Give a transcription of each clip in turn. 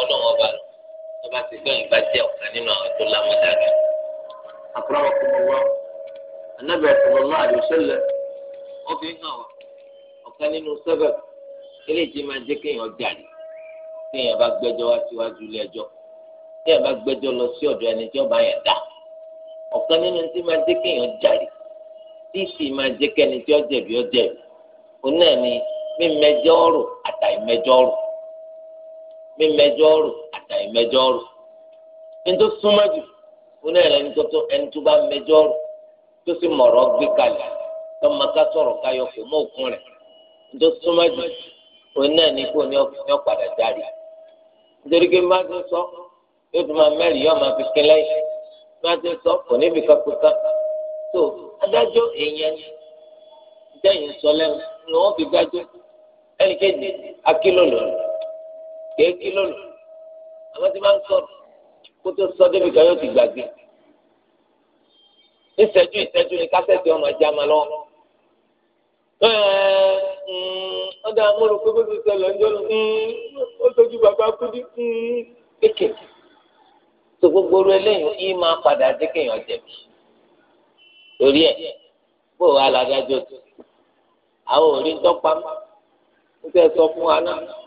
ọlọ́run ọba lọ tó bá ti gbẹ̀yìn bá jẹ́ ọ̀kan nínú àwọn tó lámọ̀dájú. àkùrọ̀mọ̀ kò mọ̀ wọ́n anábì sallallahu alaihi wasallam wọ́n fi hàn wá ọ̀kan nínú sẹ́fẹ̀ eléyìí máa jẹ́ kéèyàn jàre kéèyàn bá gbẹ́jọ́ wá síwájú ilé ẹjọ́ kéèyàn bá gbẹ́jọ́ lọ sí ọ̀dọ̀ ẹni tí ó bá yẹn dá ọ̀kan nínú tí máa jẹ́ kéèyàn jàre tí sì máa jẹ́ kẹ́ni tí ó jẹ̀bi òun náà ni mímẹjọ́ ọ̀rọ̀ àtàìmẹjọ́ ọ̀rọ̀ mímẹjọ ọrù àtàyè mẹjọ ọrù ní tó súnmọ́ jù fún ẹ̀rọ ẹni tó ẹni tó bá mẹjọ ọrù tó sì mọ̀rọ̀ gbé kalẹ̀ tọ́mọ ká sọ̀rọ̀ káyọ̀ kò mọ òkun rẹ̀ ní tó súnmọ́ jù òun náà ní kó ní ọ̀padà jáde nítorí pé má ti sọ yóò fi máa mẹ́rin yóò máa fi kín lẹ́yìn má ti sọ kò níbi kankan kan tó adájọ́ èèyàn dẹ́yìn sọ lẹ́nu ni wọ́n fi dájọ́ ẹnìkejì akílò lọ́rùn. kéèkì lónìí àwọn tí máa ń kó tó sọ débi kan yóò ti gbàgbé ìṣẹ́jú ìṣẹ́jú ni kásẹ̀tì ọmọ ẹja máa lọ. ọ̀dà amúlò pé bó ti ṣẹlẹ̀ ń jọ́nu ó tójú bàbá kú ní kéèké. tó gbogbo oru eléyìí yìí máa padà dé kéèyàn jẹ̀bi. torí ẹ̀ o wà tó àwọn fún wa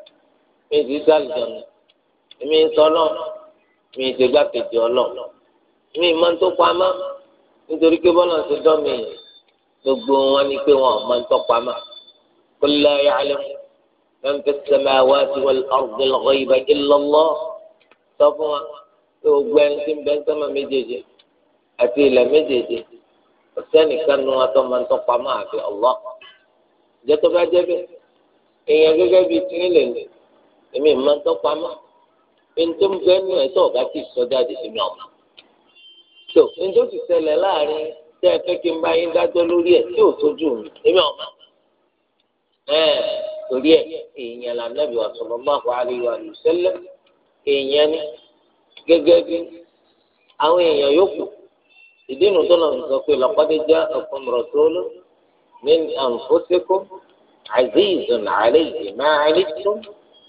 mi ti sàlùjọ́nù mi ń sọlọ́ mi ti gbàkejì ọlọ́ mi máa ń tó pamọ́ nítorí pé bọ́lá ti dán mi gbogbo wọn ni pé wọn máa ń tó pamọ́ kó lè yàlẹ́ man fi samawati wal ardi al ghaiba illa Allah sọ fún wa pé gbogbo ẹni tí ń bẹ ń sọ́mọ méjèèjì àti ilẹ̀ méjèèjì ọ̀sẹ́nìkan nu atọ́ máa ń tó pamọ́ àfi Allah ìjọ tó bá jẹ́ bẹ́ẹ̀ èèyàn gẹ́gẹ́ bíi tí ń lè lè èmi máa ń tọ́pa mọ́ ẹnitó ń bẹ nù ẹtọ́ ọ̀gá tí sọ jáde sí mi ọ̀ma tó ẹnitó sì ṣẹlẹ̀ láàrin tẹ́ ẹ fẹ́ kí n bá yín dájọ́ lórí ẹ̀ tí ò tójú mi èmi ọ̀ma ẹ̀ torí ẹ̀ èèyàn lànàbí sallallahu alaihi wa sallam èèyàn ni gẹ́gẹ́ bí àwọn èèyàn yòókù ìdí tó lọ́n sọ pé laqad ja'akum rasulun min anfusikum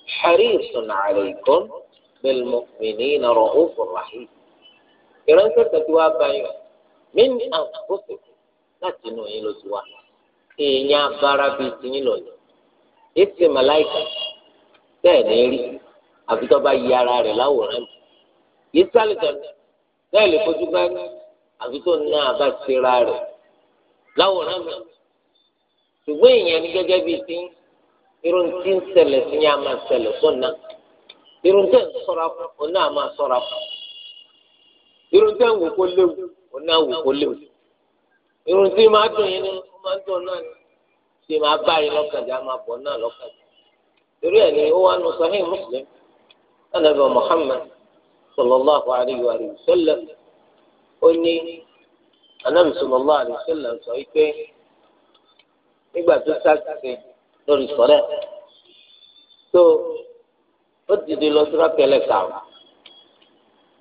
حريص عليكم بالمؤمنين رؤوف رحيم ìránṣẹ́ kan tí wàá báyọ̀ من أنفسكم láti inú yín ló ti wá èèyàn abára bíi tiyín lọ́yọ̀ ètò màláìkà bẹ́ẹ̀ ní rí àfi tó bá yí ara rẹ̀ láwòrán mi yìí sálẹ̀ tẹ̀lé bẹ́ẹ̀ lè fojú bá ní àfi tó ná àbá ṣera rẹ̀ láwòrán mi ṣùgbọ́n èèyàn ní gẹ́gẹ́ bíi tiyín. irun tí ń ṣẹlẹ̀ sí yẹn a máa ṣẹlẹ̀ fún irun tẹ̀ ń sọ̀rọ̀ fún òun náà máa sọ̀rọ̀ fún irun tẹ̀ ń wò kó léwu náà wò kó léwu irun tí máa dùn yín ni ó máa dùn náà ni tí máa bá yín máa bọ̀ náà irú ẹ̀ ni ó nù Muslim anabi Muhammad sallallahu alayhi wa sallam sọ wípé nígbà tó lórí sọlẹ tó ó dìde lọ sí rákẹlẹ kàwé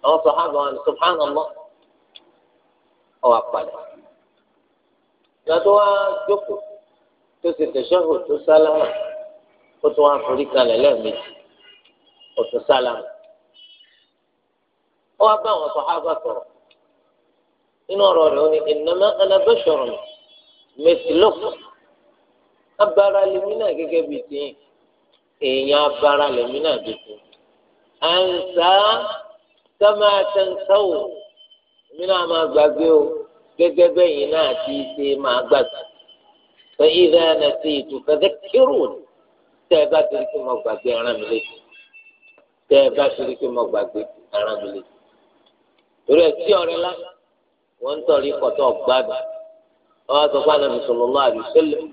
àwọn sọhábà wọn subhanallah ọwọ àpàdé ìgbà tó wá jókòó tó sì tẹsánwó tó sálámà ó tún wá forí kalẹ̀ lẹ́ẹ̀mejì ó tún sálámà ó wá bá àwọn sọhábà sọ̀rọ̀ nínú ọ̀rọ̀ rẹ̀ ó ní innama ana basharun mithlukum abara lèmi náà gẹ́gẹ́ bíi tìyìn èèyàn abara lèmi náà bíi tìyìn à ń sá sọ́mà àtẹnsáwò èmi náà máa gbàgbé o gẹ́gẹ́ bẹ́yìn náà ti ṣe máa gbàgbé fẹ́ ìdá nàṣẹ ìtùfẹ́fẹ́ kírò tẹ́ ẹ bá torí pé mo gbàgbé ara mi létí tẹ́ ẹ bá torí pé mo gbàgbé ara mi létí torí tí ọ̀rẹ́ lá wọ́n ń tọrí kọ́tọ́ gbádùn wọ́n á sọ fún anabi sallallahu alaihi wasallam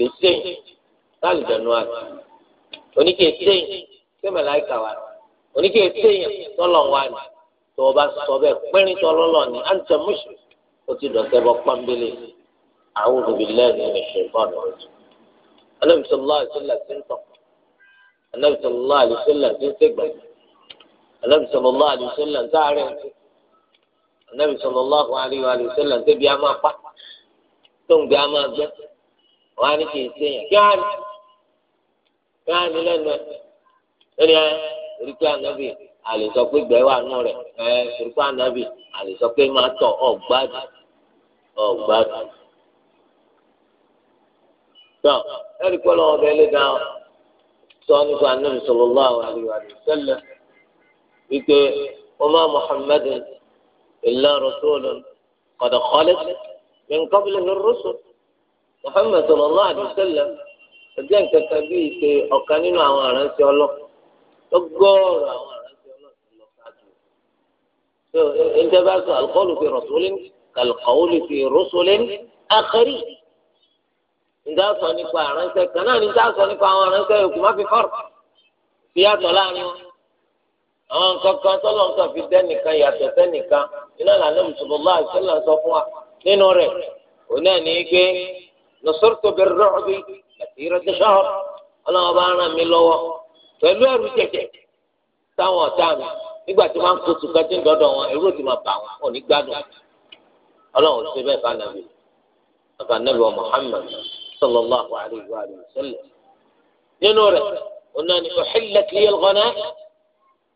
kété sálùdánù àti oníkété sẹmẹlá ìkàwá oníkété tọlọ wà ní tó o bá sọ bẹ́ẹ̀ pínrín tọlọlọ ní àǹtẹ mùsùn ó ti dọ̀tẹ́ bọ pọ́nbélé àwọn olùbílẹ̀ẹ́nì ní ṣèǹfọ̀n ọ̀rọ̀ alábìsọ̀lá àṣìlẹ̀ ti ń tọ̀ alábìsọ̀lá àṣìlẹ̀ ti ń tẹ̀gbà alábìsọ̀lá àṣìlẹ̀ ń tẹ̀ alábìsọ̀lá àṣìlẹ̀ ń tẹ̀bi àmà pa tó ń gbé àmà gbẹ́ wọn á ní kí n sèyàn kí wọn á ní kí wọn á ní lẹ́nu ẹ lórí ẹ torí pé ànábì àlè sọ pé gbẹ wà nù rẹ ẹ torí pé ànábì àlè sọ pé máa tọ ọgbádùn ọgbádùn tọ ẹrí pé lọ́wọ́ bẹ́ẹ̀ lé dáhùn sọ nípa ànábì sallallahu alaihi wa sallam wípé wọn máa Muhammadun illa rasulun qad khalat min qablihi ar-rusul. Muhammad sallallahu alaihi wasallam ẹjẹ nǹkan kan bí ìṣe ọ̀kan nínú àwọn aránṣẹ́ ọlọ lọgọrọ àwọn aránṣẹ́ ọlọ ti lọ ṣáájú so ẹjẹ bá sọ alqawlu fi rasulin kalqawli fi rusulin akhari ǹjẹ́ a sọ nípa aránṣẹ́ kan náà ní ǹjẹ́ a sọ nípa àwọn aránṣẹ́ yòókù má fi fọ́ọ̀rọ̀ fi yàtọ̀ láàrin wọn àwọn nǹkan kan tọ́lọ̀ nǹkan fi dẹ́nìkan yàtọ̀ sẹ́nìkan iná làánú nọsọrọtọ bẹrẹ rọọbi àti ìrẹsẹsọ Ọlọ́run bá ràn mí lọ́wọ́ pẹ̀lú ẹrù jẹjẹ táwọn ọ̀tá mi nígbà tí wọn kó tukọ tí ń dọdọ wọn èrò ti máa bà wọn ò ní gbádùn Ọlọ́run ṣe bẹ́ẹ̀ fànàbí fànàbí wa Muhammad sallallahu alayhi wa sallam nínú rẹ̀ onáni uhillat liyal ghana'im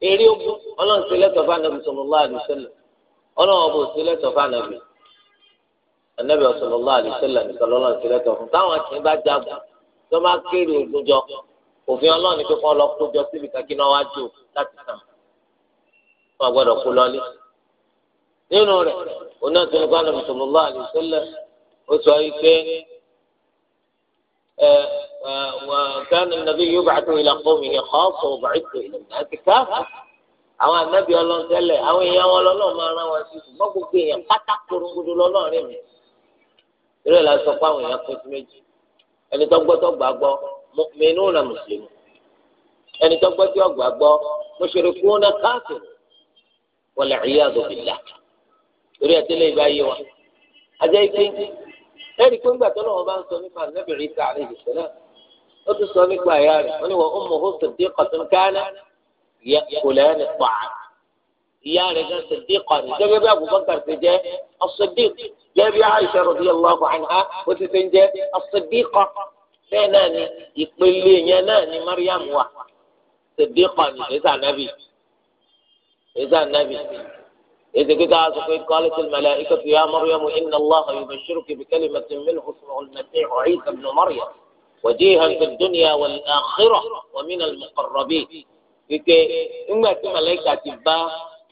èrè ogun Ọlọ́run ṣe lẹ́tọ̀ọ́ fànàbí sallallahu alayhi wa sallam Ọlọ́run ọbọ ṣe lẹ́tọ̀ọ́ fànàbí anabi sallallahu alaihi wasallam nìkanlọ́lá ìṣẹ̀lẹ̀tọ̀ fún táwọn akin bá jagun tó máa kéré ògùnjọ òfin ọlọ́run ni pé kọ́ lọ kójọ síbi kakí náà wájú láti sàn wọn gbọdọ̀ kó lọlé nínú rẹ̀ oná tó ní kó anabi sallallahu alaihi wasallam ó sọ yìí pé ẹ ẹ kan nàbí yóò bá tó ìlà kọ́ mi ní kọ́ọ̀kọ́ bá ètò ìlànà àti káfà àwọn anabi ọlọ́run tẹ́lẹ̀ àwọn èèyàn wọn máa rán wọn sí ṣùgbọ́n gbogbo èèyàn pátákó ìrẹ́ la sọ pé àwọn èèyàn pín sí méjì ẹni tó gbọ́ tó gbà gbọ́ mẹ́nu na mùsùlùmí ẹni tó gbọ́ tó gbà gbọ́ mushrikuna káàkiri wal iyadu billah torí ẹ̀ tẹ́lẹ̀ ìbá yé wa ajẹ́ ike ẹ̀rí pé ńgbà tó lọ́wọ́ bá ń sọ nípa nẹ́bìrì ìta àrẹ ìṣẹ̀lẹ̀ ó ti sọ nípa ẹ̀yà rẹ̀ wọ́n ní wọ́n ummuhu siddiqatun kana ya'kulani ta'am ìyá rẹ̀ gan sèdíkà ni gẹ́gẹ́ bí abubakar ti jẹ́ as-siddiq gẹ́gẹ́ bí aisha radiyallahu anha ó ti ti ń jẹ́ as-siddiqa bẹ́ẹ̀ náà ni ìpele yẹn náà ni mariam wà sèdíkà ni ẹ̀sà nàbì ẹ̀sà nàbì ẹ̀sà kíkà sọ pé qalat al-mala'ikatu ya mariam inna allaha yubashshiruki bi kalimatin minhu ismuhu al-masihu isa ibn maryam wajihan fi dunya wal akhirah wa min al-muqarrabin kíkẹ́ ńgbà tí malayika ti bá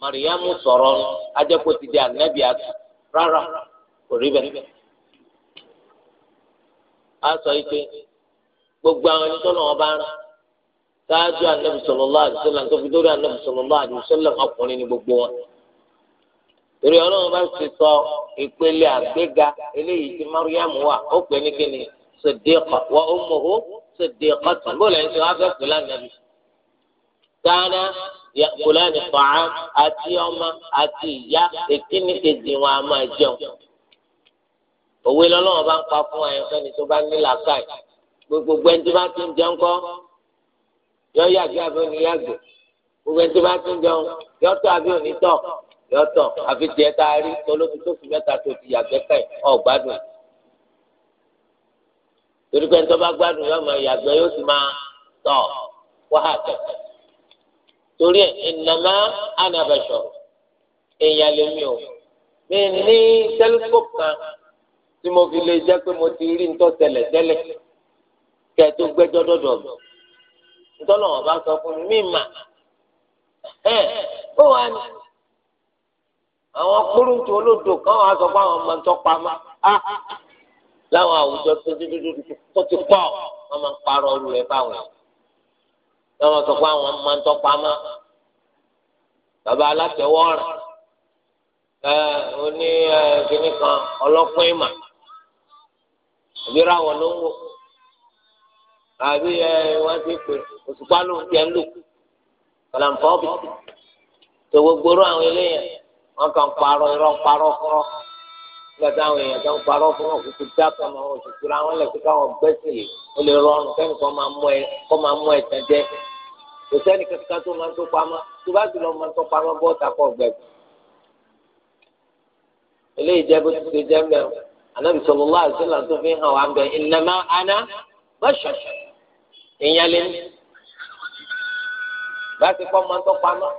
mariamu sọ̀rọ̀ ajẹkọ ti di anabi atu rara a gbogbo àwọn ẹni tọ́lọ̀ wọn bá sáájú anabi sallallahu alaihi wasallam tó fi dórí anabi sallallahu alaihi wasallam ọkùnrin ní gbogbo wọn torí ọlọ́run bá ti sọ ìpele àgbéga eléyìí mariamu ó pè ní kíni wa ummuhu siddiqatan bó lẹ́yìn tí wọ́n yàkùlánì fàá àti ọmọ àti ati èkíní kejì wọn a máa jẹun òwe lọ́lọ́wọ́ bá ń pa fún àyànfẹ́ni tó bá ní làákàyè gbogbo ẹni tí bá ti ń jẹun kọ́ yọ yàgbé àbí oníyàgbé gbogbo ẹni tí bá ti ń jẹun yọ tọ̀ àbí onítọ̀ yọ tọ̀ àfi tiẹ̀ tá a rí olóbi tó fi mẹ́ta tó ti yàgbẹ́ kàn ọ̀ gbádùn torí pé ẹni tó bá gbádùn yọ ọmọ yàgbẹ́ yóò sì máa tọ̀ wáhà tẹ̀tẹ̀ torí ẹ ìnàmá ànàbẹsọ èèyàn lèmi o mi ní tẹlifóòpù kan tí mo fi lè jẹ pé mo ti rí ntọ́ tẹ́lẹ̀ tẹ́lẹ̀ kẹ tó gbẹ́jọ́ dọ̀dọ̀ mi ntọ́nà ọba sọ fún mi mà ẹ ó wà ní àwọn kúrúntù olódò kan wà sọ fún àwọn ọmọ ntọ́ pamọ́ á ah, ah, ah. láwọn àwùjọ tó ti pọ̀ wọ́n máa ń parọ́ ọ̀rọ̀ ẹ̀ báwọn ẹ̀ lọ́wọ́ sọ pé àwọn máa ń tọ́pa mọ́ bàbá alátẹ̀wọ́ ọ̀ràn ẹ oní ẹ kìnnì kan ọlọ́pìn ìmà àbí ráwọ̀ ló ń wò àbí ẹ wọ́n ti pè òṣùpá ló ń jẹ́ lò kọ̀làǹfọ̀ọ́bì tó gbogbo àwọn eléyàn wọ́n kàn parọ́ irọ́ parọ́ kọ́rọ́ nígbà táwọn èèyàn kan parọ́ fún wọn kúkú dákọ̀ mọ́ wọn òṣùkú ra wọn lẹ̀ kó káwọn gbẹ́sì lè ó lè rọrùn kẹ́ni kọ́ máa mú ẹ kọ́ máa mú ẹ tẹ̀ jẹ́ kò sẹ́ni kankan tó máa tó pamọ́ tó bá sì máa tó pamọ́ bọ́ takọ̀ gbẹ̀gbẹ̀. eléyìí jẹ́ bó ti ṣe jẹ́ mẹ́ o anábì sallallahu alaihi wasallam tó fi hàn wá ń bẹ innama ana bashar èèyàn lé ní. bá ti kọ́ máa ń tó pamọ́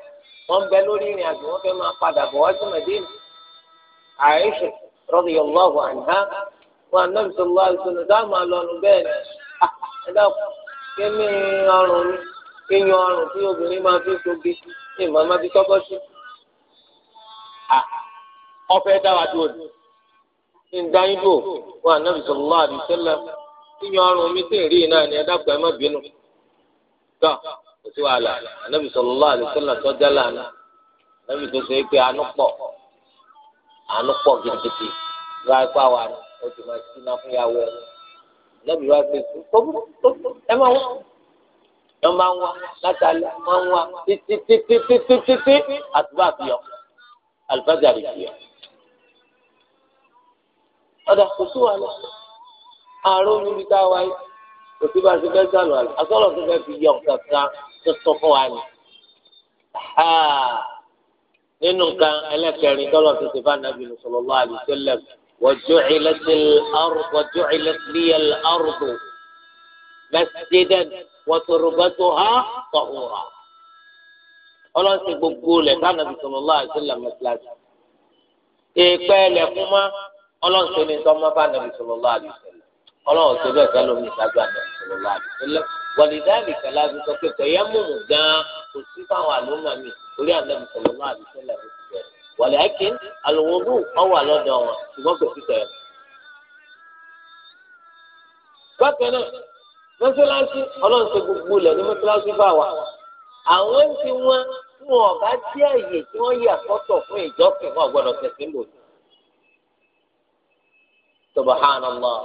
wọ́n bẹ lórí ìrìn àjò wọ́n fẹ́ máa padà bọ̀ wá sí radiyallahu anha wọn anábì sallallahu alaihi wasallam dáhùn máa lọ́nu bẹ́ẹ̀ ni ẹ dákun kémi ọrùn mi kéyan ọrùn tí obìnrin máa fi soge ní ìmọ̀ máa fi tọ́kọ́ sí. ọfẹ dáwà tó ní dáyìn tó wọn anábì sallallahu alaihi wasallam kéyan ọrùn mi sì rí náà ni ẹ dákun ẹ má bínú. tọ́ kò sí wàhálà anábì sallallahu alaihi wasallam tọ́jà lánàá anábì tó ṣe é pé anú pọ̀ àánú pọ̀ gidigidi ló wá gbá wa ni ó ti máa sí iná fún yàwó ẹ lẹ́bi wá gbé ẹ máa wá wọ́n máa ń wá látàlẹ́ wọ́n ń wá títítítítítítí àtúbà fìyọ àlùfáàjà rẹ̀ fìyọ. ọ̀dà kò sí wàhálà àárọ̀ níbi tá a wá yìí kò sí bá a ti fẹ́ sàlù àlù fẹ́ fi yọ nǹkan tó sọ fún wa ni nínú nǹkan ẹlẹ́kẹrin tọ́lọ̀ fi ṣe bá nàbì sallallahu alaihi wasallam wa ju'ilatil ardu wa ju'ilat liyal ardu masjidan wa turbatuha tahura. ọlọ́sìn gbogbo lẹ̀ bá nàbì sallallahu alaihi wasallam mẹ́tíláṣí. èèpẹ́ lẹ̀kún mọ́ ọlọ́sìn ní tọ́ mọ́ bá nàbì sallallahu alaihi wasallam. ọlọ́run tó bẹ́ẹ̀ fẹ́ lómi ìtajú ànàbì torí àlẹ́bí sọ̀rọ̀ máa bí sẹ́lẹ̀ ló ti bẹ̀rẹ̀ wàlẹ̀ akin alùwòlù ọwà lọ́dọ̀ wọn ṣùgbọ́n kò sí tẹ̀lé. bákan náà mọ́sálásí ọlọ́run ṣe gbogbo ilẹ̀ ní mọ́sálásí bá wa àwọn ń ti wọn fún ọ̀gá tí àyè tí wọ́n yà fọ́tọ̀ fún ìjọkìn wọn gbọ́dọ̀ tẹ̀sí ń bò sí. subhanallah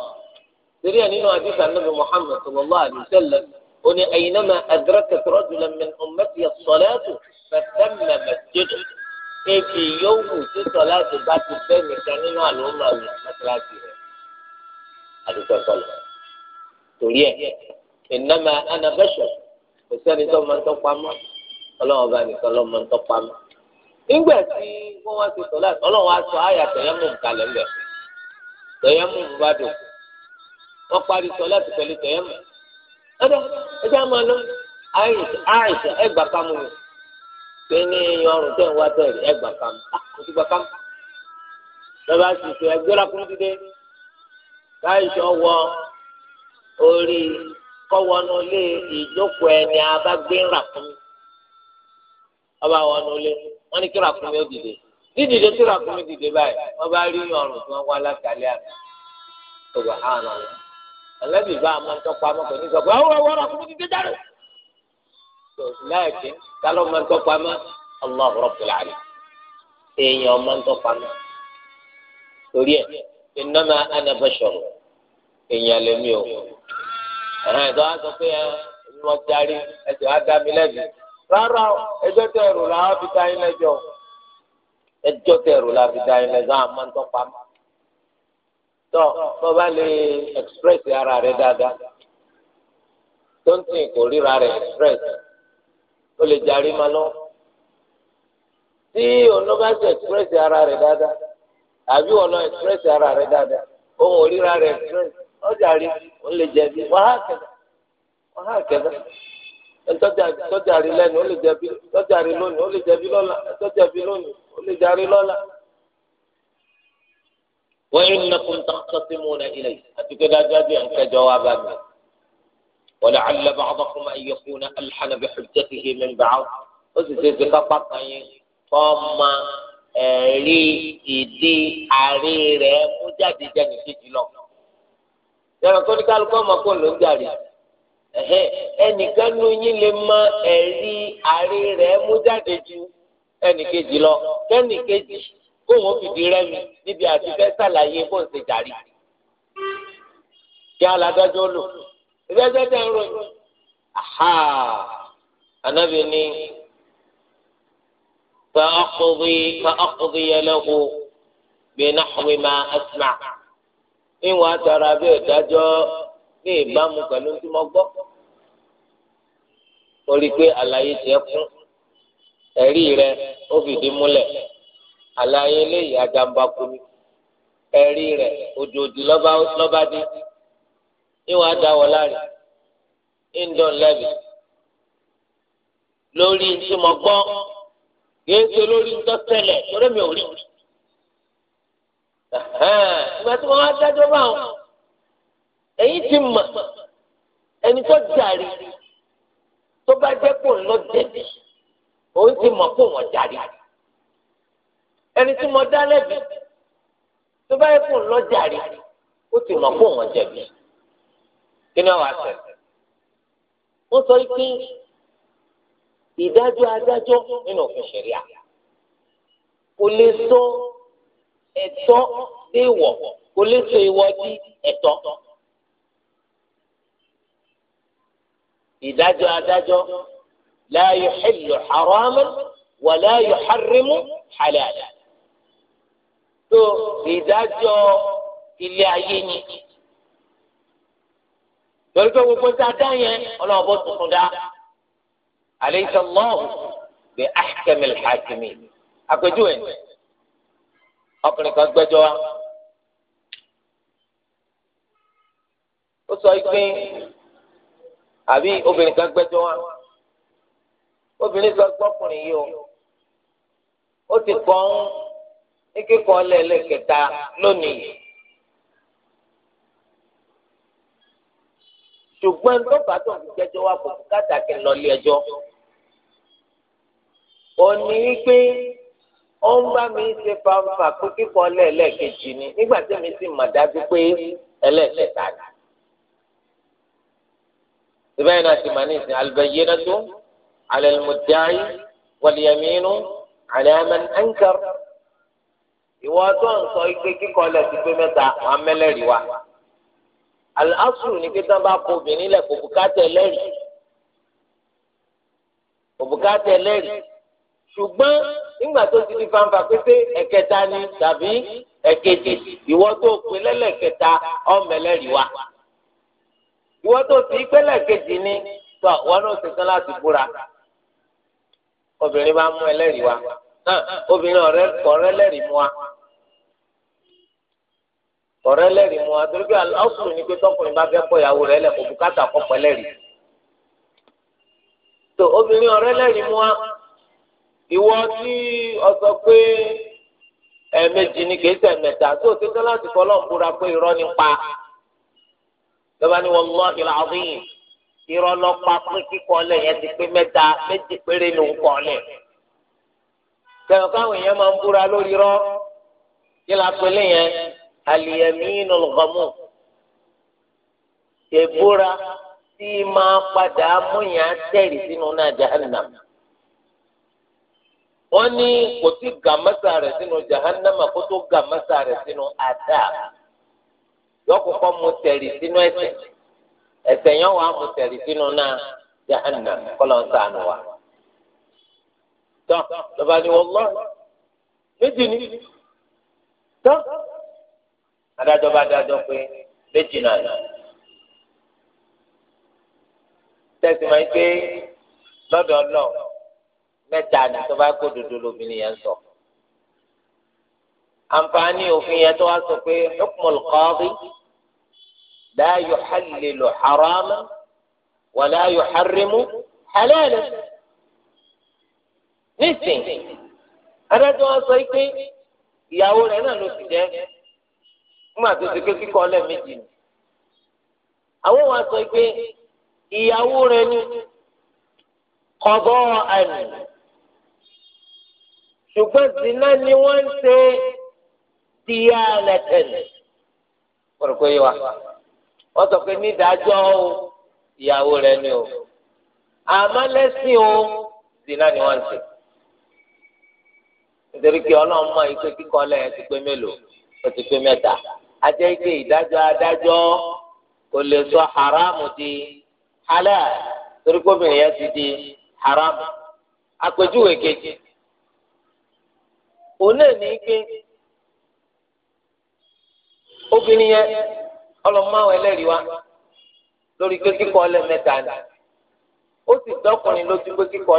torí ẹ̀ nínú oni ayinama adraka rajula min ummati as-salatu fatamma masjidu ebi yòówù tí sọláàtì bá ti bẹ nìkan nínú àlùmọ rẹ mẹsàlásì rẹ àdúgbò sọlọ torí ẹ ìnáma anabẹsẹ kò sẹ́ni tó máa ń tọpa mọ Ọlọ́run bá nìkan lọ máa ń tọpa mọ nígbà tí wọn wá sí sọláàtì Ọlọ́run wá sọ àyà tẹyẹmù kalẹ̀ ńbẹ tẹyẹmù bá dùn wọn parí sọláàtì pẹ̀lú tẹyẹmù. ọdọ ẹjẹ aịs lọ àìsàn ẹgbà kámú mi pé ní ọrùn tẹ̀ ń wá tẹ̀lé ẹgbà kámú kò sí gbà kámú ah, lọ́ba sì sọ ẹgbẹ́ dídé káìsàn wọ orí kọ́wọ́nulé ìjókòó ẹni abágbéra fún mi ọba wọn ní kíra fún mi ó dìde kíra fún mi dìde báyìí wọn bá rí ẹlẹ́bìí bá a máa ń tọ́pọ̀ àmọ́ kò ní sọ pé àwọn ọ̀rọ̀ ọ̀rọ̀ kò ní dídá rẹ̀. láàkín kálọ̀ máa ń tọ́pọ̀ àmọ́ Allahu Rabbul Alamin èèyàn máa ń tọ́pọ̀ àmọ́. torí ẹ innama ana bashar èèyàn lèmi o ẹ̀hán ìtọ́ á pé ẹ wọ́n darí ẹ̀sìn á dá rárá ẹjọ́ tẹ̀ ẹ̀rù làá fi dá yín lẹ́jọ́ ẹjọ́ tẹ̀ ẹ̀rù làá fi dá yín lẹ́jọ́ àmọ́ ń tọ́pọ̀ àmọ́ tọ́ tó bá lè express ara rẹ dáadáa tó ń tì kò ríra rẹ express ó lè jarí ma lọ tí ọ̀nà bá ṣe express ara rẹ dáadáa àbí ọ̀nà express ara rẹ dáadáa ohun òríra rẹ express ọjà rí ó lè jẹbi wàhálà kẹta wàhálà kẹta tọ́jà rí lẹ́nu ó lè jẹbi tọ́jà rí lónìí ó lè jẹbi lọ́la tọ́jà rí lónìí ó lè jarí lọ́la wọ́n yín lẹ́kùn tàǹtà sí mu náà ilẹ̀ àti pé dájúdájú ẹ̀ ń kẹjọ wá bá mi. wọ́n lẹ́hàlẹ́ bá ọkọ̀ fún máa yẹ fún alhànà bí xujjẹ́ ti hi mi bá wọn. ó sì ṣe ṣe kápá kan yín kọ́ ma ẹ̀rí ìdí àrí rẹ̀ mú jáde jẹ́ kejì lọ. yàrá tó ní kálukọ́ ọmọ kò ló ń jàre. ẹnìkan nu yín lè mọ ẹ̀rí àrí rẹ̀ mú jáde ju ẹnìkejì lọ kẹ́nìkejì kó wọn fìdí rẹmi níbi àti fẹ́ sàlàyé bó ń ṣe jàrí kí aládájọ́ lò ìdájọ́ tẹ̀ ń ròyìn aha anabi ni fa ọkùnrin fa ọkùnrin yẹn lẹ́kọ̀ọ́ bí náhùnrin máa asma ìwọ̀n àtàrà bí ìdájọ́ ní ìbámu pẹ̀lú tí mo gbọ́ orí pé àlàyé tiẹ̀ kún ẹ̀rí rẹ̀ ó fìdí múlẹ̀ àlàyé eléyìí ajambakumi ẹ̀rí rẹ̀ òdòdì lọ́ba dé níwọ̀n adáwọ̀ láre indon lẹ́bi lórí tí mo gbọ́ kìí ṣe lórí ntọ́tẹ̀lẹ̀ torí mi ò rí ìgbà tí mo máa dájọ́ bá wọn èyí ti mọ̀ ẹni tó jàre tó bá jẹ́ kó ń lọ jẹ̀bi òun ti mọ̀ kó wọ́n jàre ẹni tí mo dá lẹ́bi tó bá yẹ kó ń lọ jàre ó ti mọ̀ kó wọn jẹ̀bi kí ni wàá sẹ̀ wọ́n sọ pé ìdájọ́ adájọ́ nínú òfin ṣẹ̀ríà kò lè sọ ẹ̀tọ́ dé ìwọ̀ kò lè sọ ìwọ̀ di ẹ̀tọ́. ìdájọ́ adájọ́ la yuhillu haraman wa la yuharrimu halalan tó ìdájọ́ ilé ayé ni torí pé gbogbo tá a dá yẹn ọlọ́run bó tuntun dá alaysa Allahu bi ahkamil hakimin àpèjúwe ọkùnrin kan gbẹ́jọ́ wa ó sọ pé àbí obìnrin kan gbẹ́jọ́ wa obìnrin sọ gbọ́kùnrin yìí o ó ti kọ́ ní kíkọ́ lẹ́ẹ̀lẹ́kẹta lónìí. ṣùgbọ́n tó bá tó ń jẹjọ́ wa kò sí kàtàkì lọ́lé ẹjọ́. òní wípé ó ń bá mi ṣe fanfa pé kíkọ́ lẹ́ẹ̀lẹ́kejì ni nígbà tí mi sì mà dájú pé ẹlẹ́ẹ̀kẹta ni. sibẹ́yìn náà ti máa ní ìsìn albayyinatu ala al-mudda'i wal yaminu ala man ankar ìwọ tó ń sọ pé kíkọlẹ̀ ti pé mẹ́ta wọn mẹ́lẹ́rì wa aláṣùrù ní pété bá kó obìnrin lẹ̀ kò bùkátà ẹlẹ́rì kò bùkátà ẹlẹ́rì ṣùgbọ́n nígbà tó ti di fanfa pété ẹ̀kẹta ni tàbí ẹ̀kejì ìwọ tó pé lẹ́lẹ̀kẹta ọ̀mẹ́lẹ́rì wa ìwọ tó ti pé ni tó àwọn náà ti tán láti búra obìnrin bá mú ẹlẹ́rìí wa obìnrin ọ̀rẹ́ kọ̀ọ̀rẹ́ lẹ́rìí mu wa. ọ̀rẹ́ lẹ́rìí mu àtúrò pé ọ̀sùn ní pé tọkùnrin bá fẹ́ pọ̀ ìyàwó rẹ̀ lẹ̀ kò bùkátà kọ́ pẹ́ lẹ́rìí. tó obìnrin ọ̀rẹ́ lẹ́rìí mu wa ìwọ tí ọ pé ẹ̀ẹ̀mejì ni kì í ṣe ẹ̀mẹ́ta tó o ti láti kọ́ lọ́n pé irọ́ ni pa. ni lọ pa pé yẹn péré al-yaminul ghamuz ìbúra tí máa padà múyàn tẹ̀rì sínú náà jahannam wọ́n ní kò sí gàmásà sínú jahannama kó tó gàmásà rẹ̀ sínú àdá yọkùnkọ́ mu tẹ̀rì sínú ẹ̀ṣẹ̀ ẹ̀ṣẹ̀ yẹn wàá sínú jahannam kọ́lọ́ ń sànù wa. ni adájọ́ bá dájọ́ pé méjì náà nà tẹsí máa ń pé lọ́dọ̀ náà mẹ́ta ni tó bá kó dodo lóbìnrin yẹn sọ àǹfààní òfin yẹn tó wá sọ pé hukmul qadi la yuhallilu harama wa la yuharrimu halala nísìnyí adájọ́ wá sọ pé ìyàwó rẹ̀ náà ló ti jẹ́ nígbà tó ti ké kíkọ́ lẹ́ẹ̀mejì ni àwọn wa sọ pé ìyàwó rẹ ni kọ̀bọ́ àná ṣùgbọ́n zina ni wọ́n ń ṣe tíya lẹ́tẹ̀lẹ̀ kọ̀rọ̀kọ̀ yìí wa wọ́n sọ pé nídàájọ́ o ìyàwó rẹ ni o àmọ́ lẹ́sìn o zina ni wọ́n ń ṣe nítorí pé ọlọ́run mọ̀ ikú kíkọ́ lẹ́yìn ti pé mélòó ó ti pé mẹ́ta. ajẹ́ pé ìdájọ́ adájọ́ kò lè sọ haramu di ala torí gómìnà yẹn ti di haramu. àpèjúwe kejì òun náà ní pé obìnrin yẹn ọlọ́mọ ẹlẹ́rìí wa lórí pé kíkọ́ ọlẹ́ mẹ́ta ni ó sì dọ́kùnrin lójú pé kíkọ́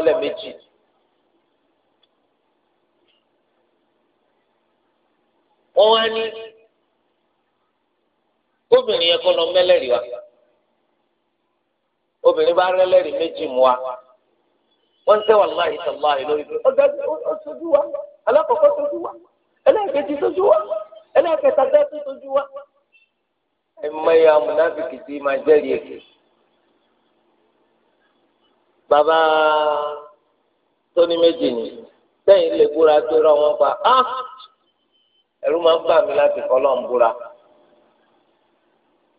obìnrin yẹn kọ́ lọ mẹ́lẹ́rìí wa obìnrin bá rẹ́lẹ́rìí méjì mu wa wọ́n ń tẹ́ wàláhì sàláhì lórí pé ọ̀gá ó sojú wa alákọ̀ọ́kọ́ sojú wa ẹlẹ́ẹ̀kejì sojú wa ẹlẹ́ẹ̀kẹta dẹ́kun sojú wa. ẹ mẹ́yà múnáfíkì tí máa jẹ́rìí èké bàbá tóní méjì ni sẹ́yìn lè búra tó rọ wọn pa ah! ẹ̀rù máa ń bà mí láti kọ́ lọ́n búra.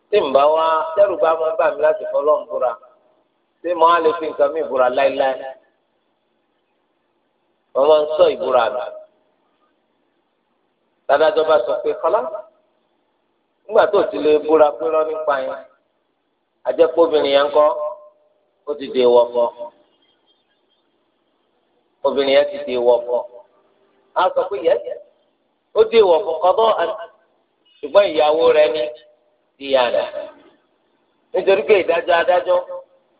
tí n bá wá tẹ́rù bá máa láti fọlọ́ búra tí mo á lè fi nǹkan mi búra láéláé wọ́n máa ń sọ ìbúra bá sọ pé kọ́lá nígbà tó ti lè búra pé nípa yẹn ajẹ́pọ̀bìnrin yẹn ń kọ́ ti dè wọpọ. ti sọ pé yẹ ó ṣùgbọ́n ìyàwó rẹ ni. ìyá rẹ̀ nítorí pé ìdájọ́ adájọ́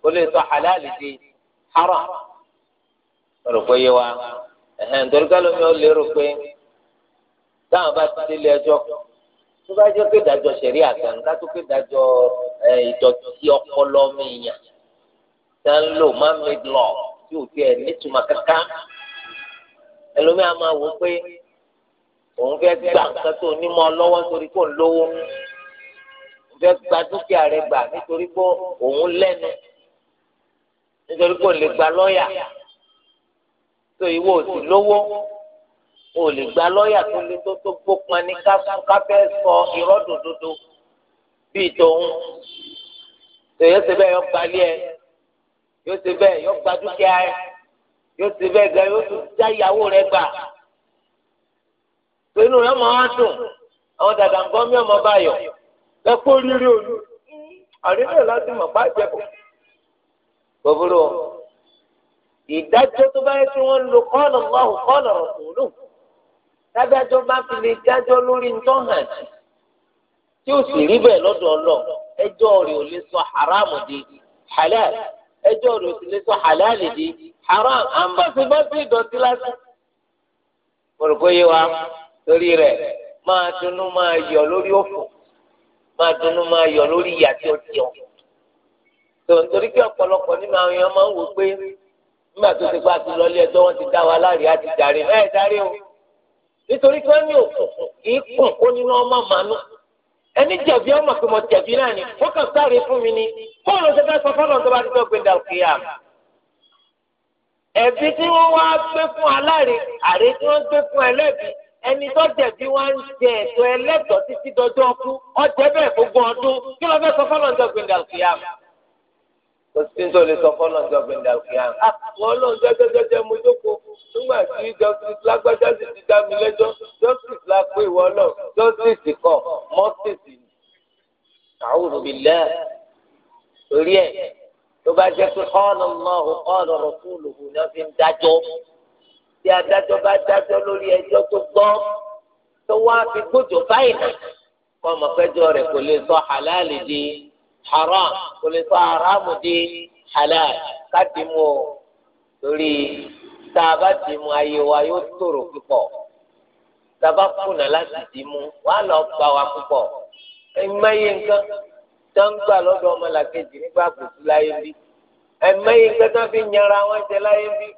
kò lè sọ halali di haram rò pé yé wa ẹ̀hẹ́n nítorí kálómi ó lérò pé táwọn bá ti délé ẹjọ́ tó bá jẹ́ pé ìdájọ́ sẹ̀rí àtàn ká tó pé ìdájọ́ ìdọ̀tí ọpọlọ mi tá ń lò má lọ tí ò tiẹ̀ kankan ẹlòmíà máa wò pé òun gbà nǹkan tó kò ń fẹ́ gba dúkìá rẹ̀ gbà nítorí pé òun lẹ́nu nítorí pé òun lè gba lọ́ọ̀yà tó ìwọ ò sì lówó o lè gba lọ́ọ̀yà tó lè tó tó gbópọn ní káfẹ́ sọ irọ́ dòdòdò bíi tòun tòyẹ́ ṣe bẹ́ẹ̀ yọ gbalẹ́ ẹ yóò ṣe bẹ́ẹ̀ yọ gba dúkìá ẹ yóò ṣe bẹ́ẹ̀ gan yóò tún já ìyàwó rẹ̀ gbà tó inú máa dùn àwọn dàdà ń gbọ́ mí ọmọ bá ẹ kó rírí olú àrílẹ̀ láti mọ̀ bá jẹ gbogbo ìdájọ́ tó bá yẹ kí wọ́n lo kọ́ọ̀nà ọ̀hún kọ́ọ̀nà ọ̀hún lò tábíájọ́ bá fi lè dájọ́ lórí ntọ́hàn tí ó sì rí bẹ́ẹ̀ lọ́dọ̀ ẹjọ́ sọ haram di halal ẹjọ́ rẹ̀ ò sì lè sọ halal di haram àǹbáṣe bá fi ìdọ̀tí lásán. mo rò máa dunnú máa máa dunnú máa yọ̀ lórí ìyá tí ó ti ọ̀ tó nítorí pé ọ̀pọ̀lọpọ̀ nínú àwọn èèyàn máa ń wò pé nígbà tó ti pa àti lọlé ẹjọ́ wọn ti dá wa láre àti jàre ẹ jàre o nítorí pé ní òkùnkùn kì í kùn kó nínú ọmọ màánú ẹni jẹ̀bi ọmọ pé mo jẹ̀bi náà ni wọn kàn sáré fún mi ni fóònù tó fẹ́ sọ fọlọ tó bá dúró gbé dàkúyà ẹbí tí wọn wá gbé fún aláre àrè tí wọn gbé fún ẹlẹ́bi ẹni tó jẹ̀bi wọn ń jẹ ẹ̀tọ́ ẹlẹ́tọ̀ọ́ títí dọjọ́ kú ọjẹ́ bẹ́ẹ̀ gbogbo ọdún kí ló fẹ́ sọ fọ́lọ́ ọjọ́ gbẹ̀ndà kìyàm. kò sí ní tó lè sọ fọ́lọ́ ọjọ́ gbẹ̀ndà kìyàm. àwọn ah, ọlọ́ọ̀jọ́ jẹ́jẹ́jẹ́ mo jókòó nígbà tí justice lágbájá sì ti dá mi lẹ́jọ́ justice la pé ìwọ náà justice kọ̀ mọ́tìsì ni. àwùjọ mi lẹ́ ẹ̀ tó bá jẹ́ pé ọ̀nà tí adájọ́ bá dájọ́ lórí ẹjọ́ tó gbọ́ tó wá fi gbójò báyìí kọ́ ọmọ fẹ́jọ́ rẹ̀ kò lè sọ halal di haram kò lè sọ haram di halal káàdì mu o torí tá a bá dì mu ayé wa yóò tòrò púpọ̀ tá a bá kùnà láti dì mu wàá lọ gbà wá púpọ̀ ẹ̀mẹ́yẹ nǹkan tó ń gbà lọ́dọ̀ ọmọlàkejì nígbà gbòsú láyé bí ẹ̀mẹ́yẹ nǹkan tó fi ń wọn jẹ láyé bí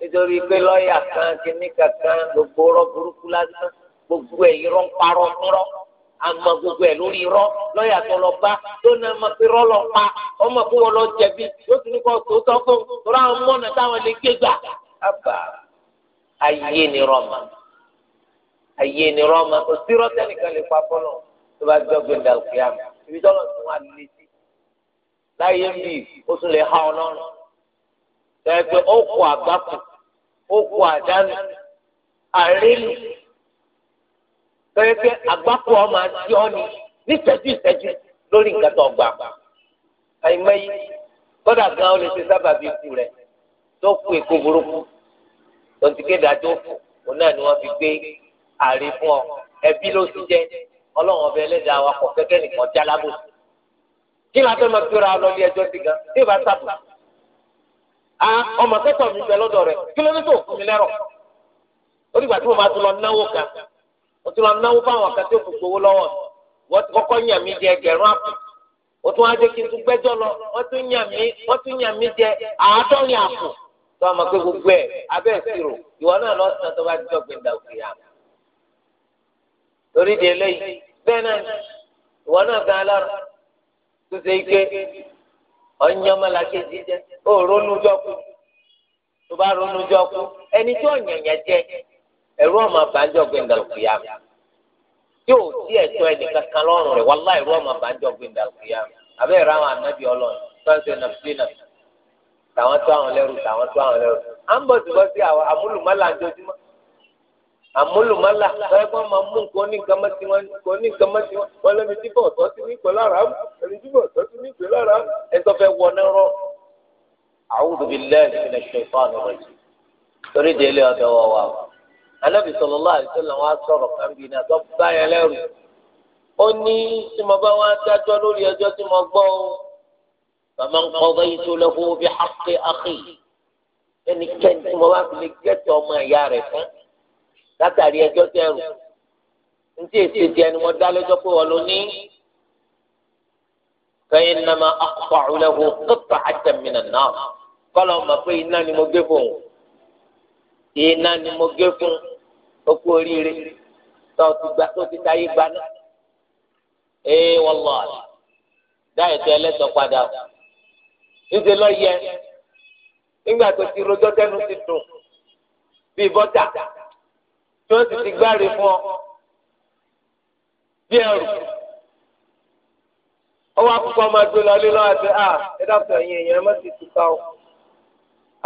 nítorí pé lọ́ọ̀yà kan kìíní kankan gbogbo ọ̀rọ̀ burúkú lásán gbogbo ẹ̀ irọ́ ń parọ́ fúnrọ́ àmọ́ gbogbo ẹ̀ lórí irọ́ lọ́ọ̀yà tó lọ bá tó náà mọ̀ pé rọ́ọ̀lọ́ pa ọmọ kó wọn lọ jẹ̀bi yóò tún kọ́ tó tọ́ fún tọ́lá àwọn mọ́nà táwọn lè gbé gbà. àbá ayé ni rọ́ọ̀mà ayé ni rọ́ọ̀mà kò sí rọ́ọ̀tẹ́nìkan lè pa fọ́lọ́ tó bá jọ́gbìn dàgbé àmì ibi tọ́lọ̀ tún wà lé sí láyé ń tẹ́gbẹ́ ó kó àgbákò ó kó àdánù àrélù tẹ́gbẹ́ àgbákò ọmọ àti ọ́ni nítẹ́jú ìtẹ́jú lórí nǹkan tó gbà àìmọye kódà gan ó lè ṣe sábàbí ikú rẹ̀ tó kú èkó burúkú tontikéda tó fò òun náà ni wọ́n fi gbé àrí fún ọ ẹbí ló ti jẹ ọlọ́run ọbẹ̀ ẹlẹ́dàá wa kọ̀ kẹ́kẹ́ nìkan jálábò kí ni a fẹ́ máa tóra lọ ilé ẹjọ́ sí gan tí ì sábà. a ah, ọmọ akẹ́kọ̀ọ́ mi bẹ lọ́dọ̀ rẹ̀ kí ló ní tó fún mi lẹ́rọ̀ ó dìgbà tí mo bá tún lọ náwó kan mo tún lọ náwó fáwọn kan tó lọ́wọ́ wọ́n ti kọ́kọ́ yàn mí jẹ àpò ó tún wáá kí n tún gbẹ́jọ́ lọ wọ́n tún yàn mí jẹ àádọ́rin àpò tó lọ ọ̀nyẹ́ ọmọlàkejì jẹ ó ronú jọ́kú tó bá ronú jọ́kú ẹni tí ọ̀nyẹ̀yẹ̀ jẹ ẹ̀rú ọmọ àbájọ gbẹndàlùkìyà tí ò sí ẹ̀tọ́ ẹnìkankan lọ́rùn rẹ̀ wàlá ẹ̀rú ọmọ àbájọ gbẹndàlùkìyà abẹ́ ìrà àwọn anábì ọlọ́run tọ́sẹ̀ tàwọn tó àwọn lẹ́rù tàwọn tó àwọn lẹ́rù àmúlùmálà ẹ kọ́ máa mú nǹkan oníkan mọ́ sí wọn nǹkan oníkan mọ́ sí wọn wọn lẹ́nu tí bọ̀ tọ́ sí ní ìpè lára mú ẹni tí bọ̀ tọ́ sí ní ìpè lára mú ẹ tó fẹ́ wọ náà rọ. a'udhu billahi minash shaitani rajim torí délé ọ̀dọ̀ wọ̀ wà wà. anábì sallallahu alaihi wasallam wa sọ̀rọ̀ kan bí iná tó bá yẹn lẹ́rù. ó ní tí mo bá wá dájọ́ lórí ẹjọ́ tí mo gbọ́ ẹnikẹ́ni tí mo bá fi lè gẹ́tọ̀ ọmọ ìyá rẹ̀ fún látàrí ẹjọ́ tẹrù ntí èsì tiẹ̀ ni wọ́n dá lẹ́jọ́ pé ní kẹ́yìn nàmà akpa ọ̀lẹ́hu kẹfà àjẹmínà náà ma pé iná ni mo gé fún iná fún okú oríire tó ee padà lọ yẹ nígbà tó ti tẹnu ti tí wọ́n sì ti gbáre fún ọ bí ẹrù ọwọ́ akókò ọmọ àgbẹ̀ lọlé lọ́wọ́ àti à ah, ẹ dàpọ̀ ẹ̀yìn ẹ̀yìn ẹ má ti tù ká o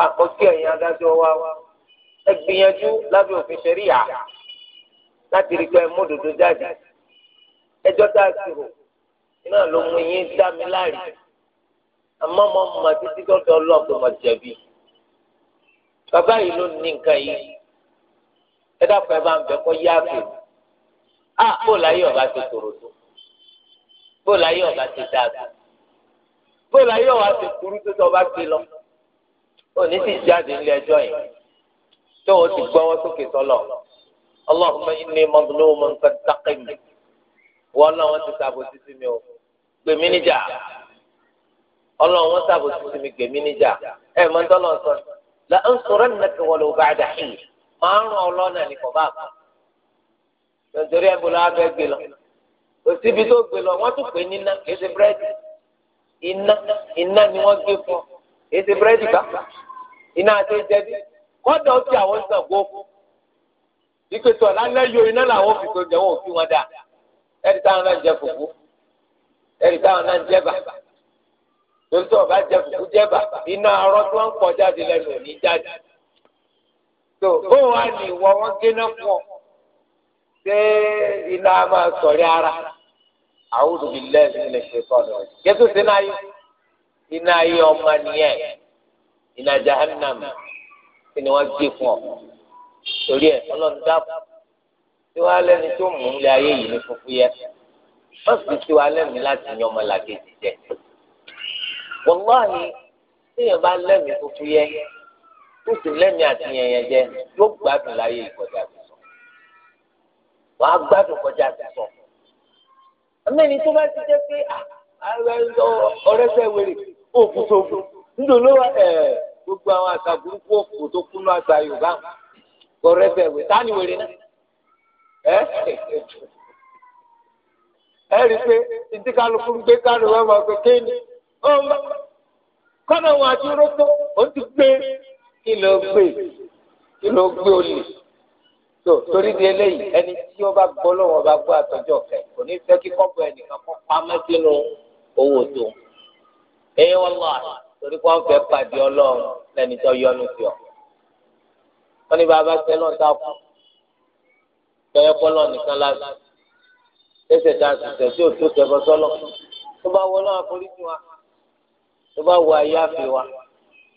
àkọsí ẹ̀yìn adájọ́ wa ẹ gbìyànjú lábẹ́ òfin ṣẹ̀ríyà láti rí pé mọ́dodo jáde ẹjọ́ tá a sì rò iná ló mú yín dá mi láàrí àmọ́ mo mọ̀ títí dọ́dọ̀ ọlọ́ọ̀gbọ̀n mọ̀ jẹ̀bi bàbá yìí ló ní nǹkan yìí ẹ dàpọ̀ ẹ bá ń bẹ kọ́ yá àgbè á bóòlù ayé ọba ti tòrò tó bóòlù ayé ọba ti dàgbà bóòlù ayé ọba ti kúrú tó tó ọba gbé lọ òní sì jáde nílé ẹjọ́ yìí tó o ti gbọ́wọ́ sókè sọ́lọ̀ Allahumma inni mazlumun fantaqim wọ́n náà wọ́n ti sàbò títí mi o gbèmí níjà ọlọ́run wọ́n sàbò títí mi gbèmí níjà ẹ̀ mọ́tọ́ lọ́sọ̀ọ́ la ansurannaka walau ba'da hin márùn ọlọ́nà ni kò bá kú nítorí ẹ̀bùn lọ́wọ́ abẹ́ gbé lọ kò síbi tó gbé lọ wọ́n tún pè ní iná kì í ṣe búrẹ́dì iná iná ni wọ́n gbé fún ọ kì í ṣe búrẹ́dì bá iná àti ìjẹ́bí kọ́dọ̀ ó ti àwọn sàn gbó fún ìpètò lálẹ́ yo iná làwọn fi tó jẹ́ wọn ò fi wọn dà ẹ̀rí táwọn náà jẹ fùfú ẹ̀rí táwọn náà jẹ bà torí tó o bá jẹ fùfú jẹ bà iná arọ́ tó ń pọ̀ tó bó wà ní ìwọ wọn géná fún ọ ṣé iná máa sọrí ara àwùjọ bíi lẹ́yìn lè ṣe sọ̀rọ̀ yẹtù sínú ayé iná ayé ọmọ nìyẹn iná jahannam kí ni wọ́n gbé fún ọ torí ẹ ọlọ́run dáàbò tí wàá lẹ́ni tó mú ilé ayé yìí ní fúnfún yẹ wọ́n sì ti wàá lẹ́mìí láti yan ọmọlàkejì jẹ wọ́n wá ní tíyẹn bá lẹ́mìí fúnfún yẹ. títí lẹ́mìí àti jẹ yóò gbádùn láyé ìkọjá sísọ wàá gbádùn kọjá sísọ amẹ́ni tó bá ti jẹ́ pé ah, ọ̀rẹ́ fẹ́ wèrè òfin sófin nítorí gbogbo àwọn burúkú tó kúnú àṣà Yorùbá ọ̀rẹ́ fẹ́ wèrè tani wèrè náà ẹ ẹ rí pé ìdí kálukú gbé kọ́nà wọn àti ó ti gbé. kí ló gbé kí ló gbé olè tó torí di eléyìí ẹni tí ó bá gbọ́ lọ́wọ́ bá gbọ́ àtọ́jọ́ kẹ kò ní fẹ́ kí kọ́bọ̀ ẹnìkan kọ́ pamọ́ sínú owó tó ẹyẹ wọn lọ torí kọ́ fẹ́ pàdé ọlọ́run lẹ́ni tó yọnu sí ọ wọn ní bàbá sẹ́lọ̀ tá a kú tọ́yọ́ kọ́lọ́ nìkan lásán tẹ́sẹ̀ tá a sì tẹ̀ tí ò tẹ̀ bọ́ tó bá wọ náà forí sí wa tó bá wọ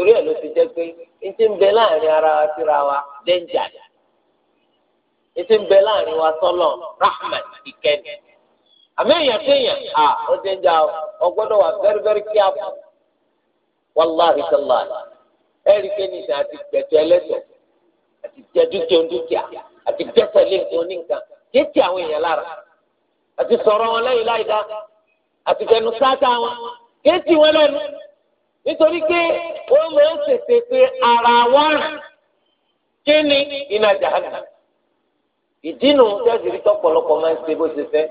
torí ẹ̀ ló ti jẹ́ pé n ti ń bẹ láàrin ara wa síra wa dẹ́njà n ti ń bẹ láàrin wa sọ́lọ̀ rahman ìkẹ́ni àmì èèyàn kéèyàn à ó dẹ́njà ọ gbọ́dọ̀ wà fẹ́rẹ́fẹ́rẹ́ kí a fún wàláhi sọ́lá ẹ̀rí kéènì sàn àti gbẹ̀tọ̀ ẹlẹ́tọ̀ àti jẹ́dúkẹ́ ondúkìá àti gbẹ́sẹ̀ nǹkan oníkan kí ti àwọn èèyàn lára àti sọ̀rọ̀ wọn lẹ́yìn láìda àti fẹnu wọn kí nítorí pé wọ́n máa ń pé ara wa kí ni iná jahannam ìdínú tẹ́sìrì tọ́pọ̀lọpọ̀ máa ń ṣe bó ṣe fẹ́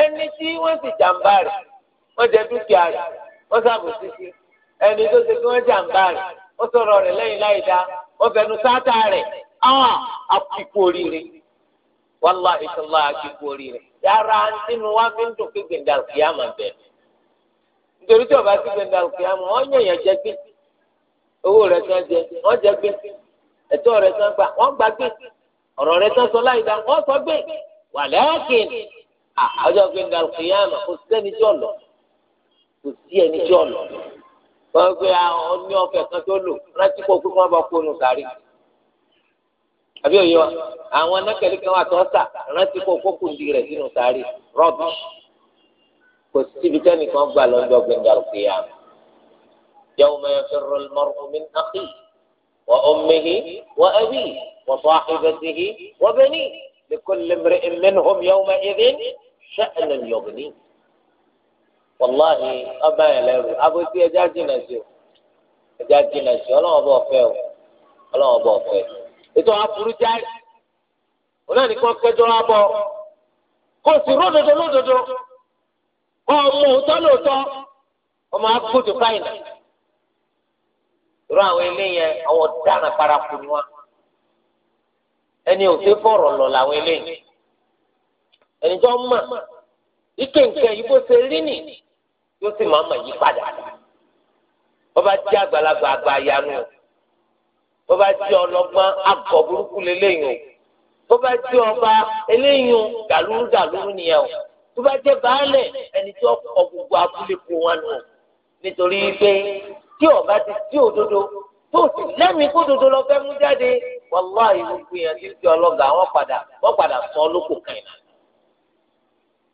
ẹni tí wọ́n sì jàǹbá rẹ̀ wọ́n jẹ dúkìá rẹ̀ wọ́n sàbò sísí ẹni tó ṣe pé wọ́n jàǹbá rẹ̀ wọ́n sọ̀rọ̀ rẹ̀ lẹ́yìn láì dá wọ́n fẹnu rẹ̀ oríire oríire yàrá nínú fi ń dùn pé gbèǹdà kìá máa bẹ̀rẹ̀ nítorí tí ọba ti gbẹ̀ndà òkè àmọ́ wọ́n yàn yàn jẹ gbé owó rẹ̀ tán jẹ wọ́n jẹ gbé ẹ̀tọ́ rẹ̀ wọ́n gbà gbé ọ̀rọ̀ rẹ̀ tán sọ dá wọ́n sọ wà lẹ́ẹ̀kìn àjọ gbẹ̀ndà òkè àmọ́ kò ẹni tí ẹni tí wọ́n gbé àwọn ọ̀fẹ́ kan tó lò kó kó kò síbi tẹ́nìkan gbà lọ́jọ́ gbẹ̀ngà òkèèyà yawma yafirru al-mar'u min akhihi wa ummihi wa abihi wa sahibatihi wa banihi likulli imri'in minhum yawma'idhin sha'nun yughnihi. wàláhì ọba yẹn lẹ́rù abotí ẹja jìnnà sí o ẹja jìnnà sí ọlọ́wọ́ bọ̀ fẹ́ o ọlọ́wọ́ bọ̀ fẹ́ ètò ọmọ òótọ́ lóòótọ́ ọmọ akóso fáìnà irú àwọn eléyẹn àwọn ọ̀daràn paraku ni wọn ẹni òfé fọ̀rọ̀ lọ làwọn eléyìí ẹni tó mọ̀ ike nke yìí bó ṣe rí ni yóò sì máa mọ̀ yí padà bọ́bá jẹ́ àgbàlagbà àgbà yanu bọ́bá jẹ́ ọlọ́gbọ́n àgọ̀ burúkú lélẹ́yìn o jẹ́ ọba eléyìn gàlúrú gàlúrú nìyẹn o. tó bá jẹ́ baálẹ̀ ẹni gbogbo abúlé kún wọn nù nítorí pé tí ọba ti tí òdodo tó sì lẹ́mìí kó dodo lọ fẹ́ mú jáde sọ lóko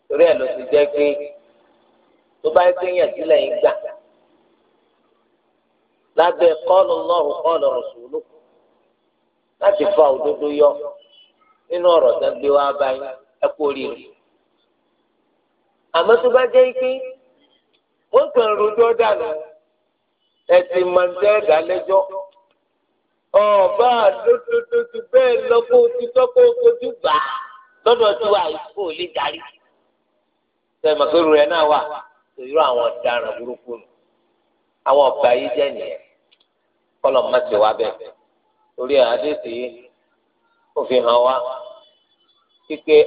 torí ẹ̀ ló ti jẹ́ pé tó bá yẹ kéèyàn sílẹ̀ gbà lábẹ́ kọ́ọ̀lù kọ́ọ̀lù láti fa òdodo yọ nínú ọ̀rọ̀ gbé wá báyìí àmọ́ tó bá jẹ́ pé wọ́n kàn rojọ́ dànù ẹ̀sìn màǹtẹ́ ẹ̀dá lẹ́jọ́ ọba bẹ́ẹ̀ lọ́kọ́ òtítọ́ kó kojú gbà lọ́dọ̀ tí wà lè darí. sẹ́yìn màkàrú rẹ̀ náà wà sòyúrò àwọn ọ̀daràn burúkú nù àwọn ọba yìí jẹ́ nìyẹn kọ́lọ̀ má ti wá bẹ́ẹ̀ torí àdéhùn yìí hàn wá kíkẹ́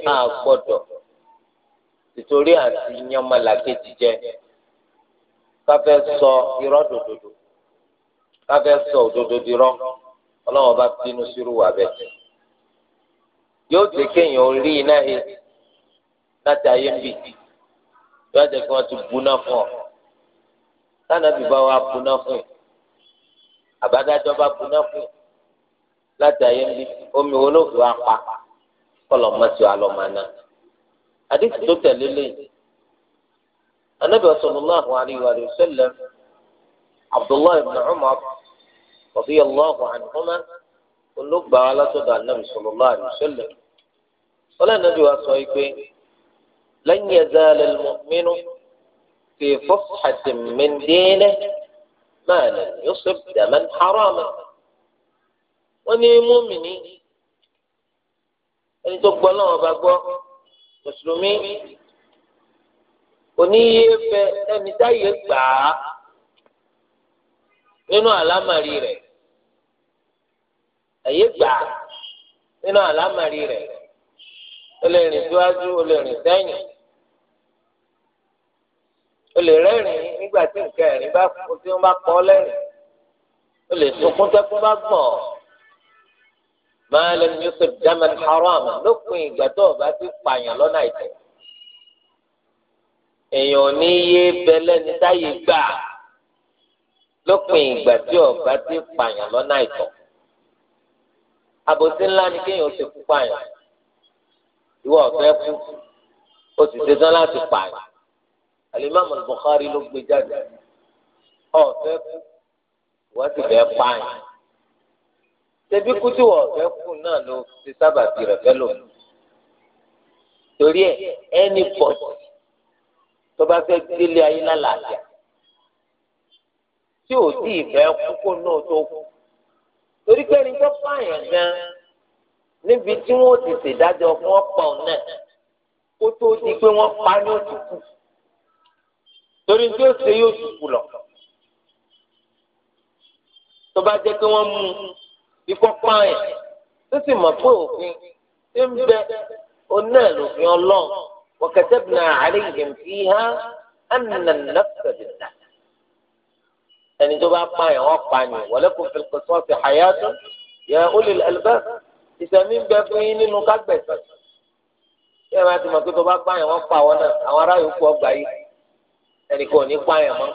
ìtorí àti yanmalàkejì jẹ káfẹ́ sọ irọ́ dòdòdò káfẹ́ sọ òdodo dirọ́ ọlọ́wọ́n bá bínú sírú wà bẹ́ẹ̀ yóò dé kéèyàn orí iná he láti ayé ń bì yóò jẹ́ kí wọ́n ti buná fún ọ tánàbí bá wa buná fún yìí àbádájọ́ bá buná fún yìí láti ayé ń bì omi wo ló fi wá pa kọlọ̀ mọ́tò alọ́ máa náà àdìsí tó tẹ̀lé lẹ́yìn anabi sallallahu alayhi wa sallam abdullahi ibn umar radiyallahu anhuma olùgbà alásọdọ anabi sallallahu alayhi wa sallam wọn lẹ́nu bí wàá sọ yìí pé lan yazal al-mu'minu fi fushatin min dinihi ma lam yusib daman haraman wọn ní múmi ní ẹni tó gbọ́ lọ́wọ́ bá gbọ́ mùsùlùmí oníyé fẹ́ ẹni táyé gbà á nínú àlámàrí rẹ̀ ẹyẹ gbà á nínú àlámàrí rẹ̀ o lè rìn síwájú o lè rìn sẹ́yìn o lè rẹ́rìn nígbà tí nǹkan ẹ̀rín bá tí wọ́n bá pọ̀ lẹ́rìn o lè sunkún tẹ́kún bá gbọ̀n máa lẹ́nu yóò sọ dámẹ́ haram lópin ìgbà tó o bá ti pààyàn lọ́nà ìtẹ̀. èèyàn ò ní yé bẹ́lẹ́ ní táyé gbà lópin ìgbà tí o bá ti pààyàn lọ́nà ìtọ̀. àbòsí ńlá ni kéèyàn ó ti kú pààyàn ìwọ ọ̀fẹ́ kú ó sì ṣetán láti pààyàn. alimami Bukhari ló gbé jáde ọ̀fẹ́ kú wọ́n sì fẹ́ pààyàn ṣebí kútù ọ̀fẹ́ kù náà ló ti sábà fi rẹ̀ fẹ́ lò torí ẹ ẹni bọ̀dì tó bá fẹ́ délé ayé lálàáfíà tí ò tí ì fẹ́ kókó náà tó kú torí pé ẹni tó pààyàn gan níbi tí wọ́n ti ṣèdájọ́ fún ọ̀pọ̀ náà kó tó di pé wọ́n pa ní òtún kù torí tí ó ṣe yóò tún kù lọ tó bá jẹ́ pé wọ́n mú un ikọ́ pààyàn tó sì mọ̀ pé òfin tí ń bẹ oná lòfin ọlọ́run wa katabna alayhim fiha anna an-nafsa bin-nafs. ẹni tó bá pààyàn wọ́n pààyàn wa lakum fil-qisasi hayatun ya ulil albab ìsẹ̀mí ń bẹ fún yín nínú kágbẹ̀sẹ̀. bí ẹ bá ti mọ̀ pé tó bá pààyàn wọ́n pa náà àwọn ará yòókù ọgbà yìí ẹnì kan ò ní pààyàn máa ń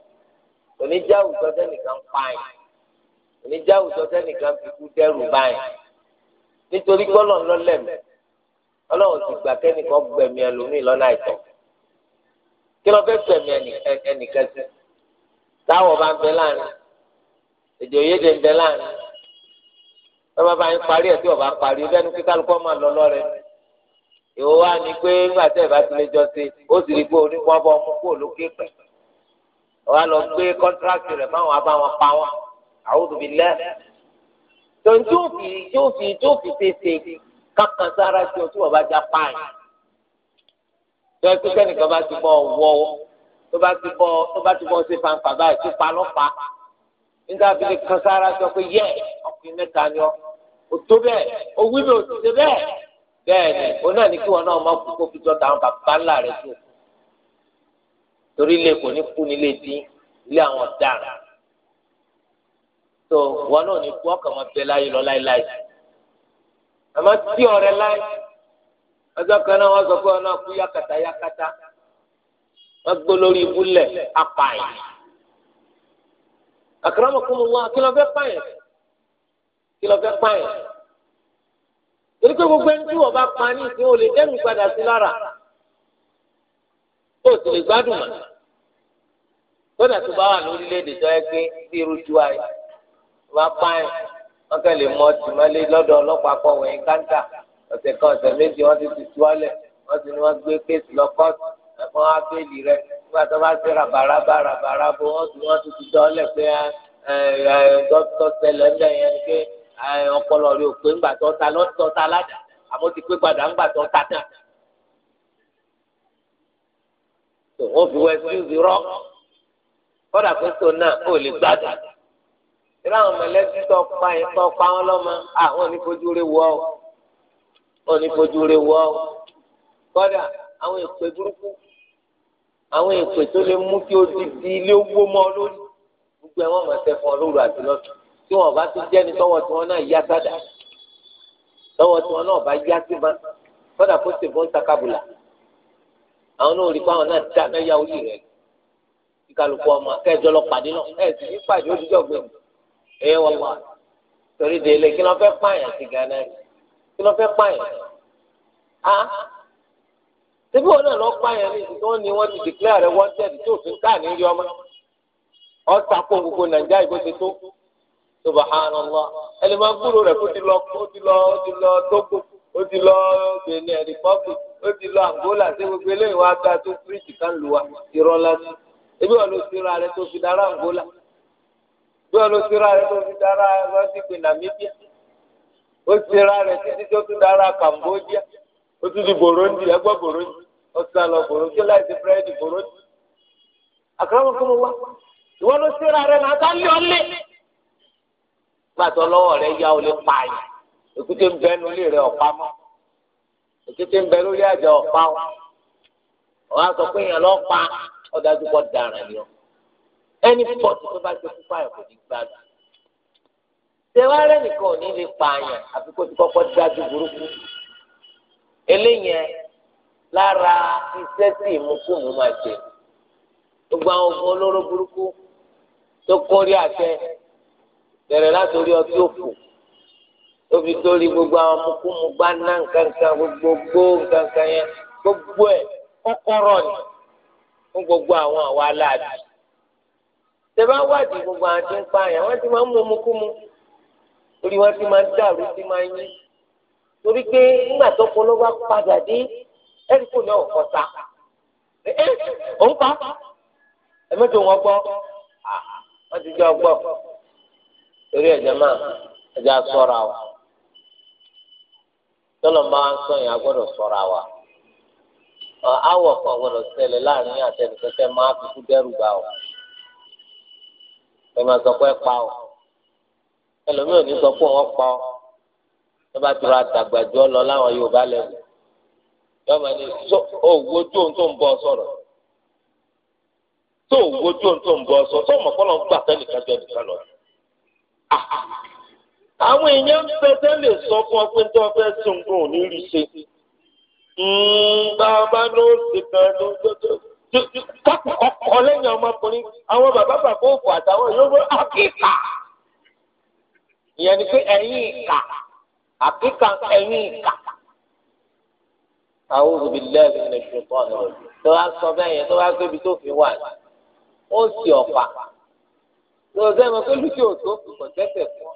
oníjà àwùjọ sẹ́nìkan pààyàn oníjà àwùjọ sẹ́nìkan fi kú dẹ́rù báyìí nítorí gbọ́lọ̀ ńlọ́lẹ̀mí ọlọ́run ti gbà kẹ́nìkan gbẹ̀mí ẹlòmíì lọ́nà àìtọ́ kí lọ́ọ́ fẹ́ gbẹ̀mí ẹnìkan sí táwọ̀ bá ń bẹ láàrin èdè òyédè ń bẹ láàrin tọ́ba bá ń parí ẹ̀ tí ọba parí bẹ́ẹ̀ ni kíkálukọ́ máa lọ lọ́rẹ́ ìwọ wa pé ńgbà tẹ́ ẹ̀ bá ti jọ sí ó sì rí i pé onípọ́nbọ́n mú kó lókè pẹ̀lú wọ́n á lọ gbé kọ́ńtrákì rẹ̀ fáwọn abáwọn pa wọn àwùjọ bíi lẹ́ tó ń tó fi tó fi tó fi tètè kankan sára sí ọtí wọ́n bá já páàyàn tó ẹ pé sẹ́nìkan bá ti bọ́ wọ́ tó bá ti bọ́ tó bá ti bọ́ ṣe fanfa báyìí tó pa lọ́pàá nígbà tí lè kan sára sọ pé yẹ ọkùnrin mẹ́ta ni ọ ò tó bẹ́ẹ̀ owí mi ò ti ṣe bẹ́ẹ̀ bẹ́ẹ̀ ni òun náà ní kí wọn náà má kú kó fi jọ torí ilé kò ní kú nílé dín ilé àwọn ọ̀daràn tó wọn náà ní kú ọkàn máa bẹ láyé lọ láéláé àmọ́ tí ọ̀rẹ́ láé ọjọ́ kan náà wọ́n sọ pé ọ̀nà kú yákàtà yákàtà wọ́n gbó lórí ibúlẹ̀ apààyàn akramakumullah kí ló fẹ́ pààyàn kí ló fẹ́ pààyàn torí pé gbogbo ẹni tí wọ́n bá pa ní ìsìn ò lè dẹ́nu padà sí lára tó o sì lè gbádùn mọ́ kódà tó bá wà lórílẹ̀‐èdè tó yẹ pé bí irú ju ayé wọ́n apá ẹ̀ wọ́n kẹ́ lè mọ tìmọ́lé lọ́dọ̀ ọlọ́pàá pọ̀ wẹ̀yìn káńtà ọ̀sẹ̀ kan ọ̀sẹ̀ méjì wọ́n ti ti tú ọ́lẹ̀ wọ́n ti ní wọ́n gbé kéèsì lọ kọ́ọ̀tù ẹ̀fọn abéèlì rẹ̀ nígbà tó bá ti rà bàràbà rà bàràbà wọ́n ti wọ́n ti ti tọ́ ọ́lẹ̀ pé dókítà tẹlẹ ń bẹ̀ yẹn pé ọpọlọ rẹ̀ ò pé ńgbà tó ta lọ́tọ̀ ta ládàá àmọ́ ti pé gbàdá ńgbà tó ta tán tó wọ́n fi wá ẹsíwìsì rọ́ kọ́dà pé tó náà ó lè gbádùn irú àwọn mọ̀lẹ́bí tó pa yẹn tó pa wọn lọ́mọ àwọn onífojú rẹ wọ́ ọ onífojú rẹ wọ́ ọ kọ́dà àwọn èpè burúkú àwọn èpè tó lè mú kí o ti di ilé owó mọ́ lórí gbogbo ẹ̀ wọ́n mọ̀ ṣe fún ọ lóru àti lọ́sùn tí wọn bá tún jẹ́ni tọwọ́ tí wọn náà yá sádà tọwọ́ tí wọn náà bá yá sí ma kọ́dà kó sì ń takabùlà àwọn náà rí i pé àwọn náà dáná ya orí rẹ̀ kí kálukú ọmọ kẹjọ lọ pàdé náà ẹ sì ní pàdé òdìjọ gbẹmí ẹ yẹ wọn wá torí délé kí ló fẹ́ pààyàn sí gánà rí kí ló fẹ́ pààyàn á síbí wọn náà lọ pààyàn ní ìdí tí wọn ní wọn ti dìklẹ́ rẹ wọ́n tẹ̀lé tí òfin káà ní rí ọmọ ọ̀sà kó gbogbo nàìjíríà ìbò ti tó subahánàlá ẹni máa gbúrò rẹ̀ kó ti lọ kó ti lọ ó ti lọ Tógò ó ti lọ àǹgólà sí gbogbo eléyìí wá gba tó fíríjì kan lù wá irọ́ lásán ebi wọn ló síra rẹ tó fi dára àǹgólà ebi wọn ló síra rẹ tó fi dára rọ́sìkì nàmíbíà ó síra rẹ títí tó fi dára kàmbódíà ó tún di bòròndì ẹgbẹ́ bòròndì ó sá lọ bòròndì ó láì sí búrẹ́dì bòròndì àkàràmọ̀ fún mi wá ìwọ ló síra rẹ náà sálí ọlẹ gbàtọ lọ́wọ́ rẹ yá ọ pààyàn èkúté ń lé rẹ ọpamọ òkété ń bẹ lórí àjọ ọ̀pá o wọn á sọ pé èèyàn lọ pa ọ̀dájú pọ̀ dàrán ni ọ ẹni pọ̀tù tó bá ti kú pààyàn kò ní gbádùn tẹwárẹ́ nìkan ò ní lè pààyàn àfi kó ti kọ́kọ́ dájú burúkú eléyẹn lára iṣẹ́ tí ìmúkùmù máa ṣe gbogbo àwọn oògùn olóró burúkú tó kórí àtẹ bẹ̀rẹ̀ látòrí ọtí òkú ó fi gbogbo àwọn mukumu gbá ná nkankan gbogbo nkankan yẹn gbogbo ẹ kọ́kọ́rọ́ ni fún gbogbo àwọn àwa aláàbí tẹ́bá wádìí gbogbo àwọn tí ń pààyàn wọ́n ti máa ń mú mukumu torí wọ́n ti máa ń dàrú ti máa ń yí torí pé nígbà tó polówó bá padà dé ẹ̀rí kò ní ọ̀kọ́ ta ẹ̀ òun pa ẹ̀mẹ́tò wọn gbọ́ wọ́n ti jẹ́ ọgbọ́ torí ẹ̀jẹ̀ máa ẹ̀jẹ̀ á sọ́ra o tọ́lọ̀ máa ń sọ yẹn a gbọ́dọ̀ sọ̀rọ̀ wa awọ kan gbọ́dọ̀ ṣẹlẹ̀ láàrin àtẹnukẹkẹ máa fi kú dẹ́rù bá ọ ẹ máa sọ pé pa ọ ẹlòmíì ò ní sọ pé wọn pa ọ tó bá tura àtàgbàjọ lọ láwọn Yorùbá lẹwù yọọ máa ní owó tó ń tó ń bọ sọ̀rọ̀ tó owó tó ń tó ń bọ sọ̀rọ̀ tó mọ ń gbà sẹnìkan nìkan lọ. Ah, ah, ah àwọn èèyàn ń bẹ tẹ́lẹ̀ sọ fún ọ pé tó fẹ́ sùn kún òní rí ṣe bàbá ló ṣe kan ló kọ́kọ́ lẹ́yìn ọmọkùnrin àwọn bàbá bàbá òkú àtàwọn yòówó àkíkà ìyẹn ni pé ẹ̀yìn ìkà àkíkà ẹ̀yìn ìkà. A'udhu billahi minash shaitani rajim. tó bá sọ bẹ́ẹ̀ yẹn tó bá gbébi tó fi wà ó sì ọ̀pá. tó o sẹ́yìn mọ́ pé lùkì òtó kò tẹ́tẹ̀ fún ọ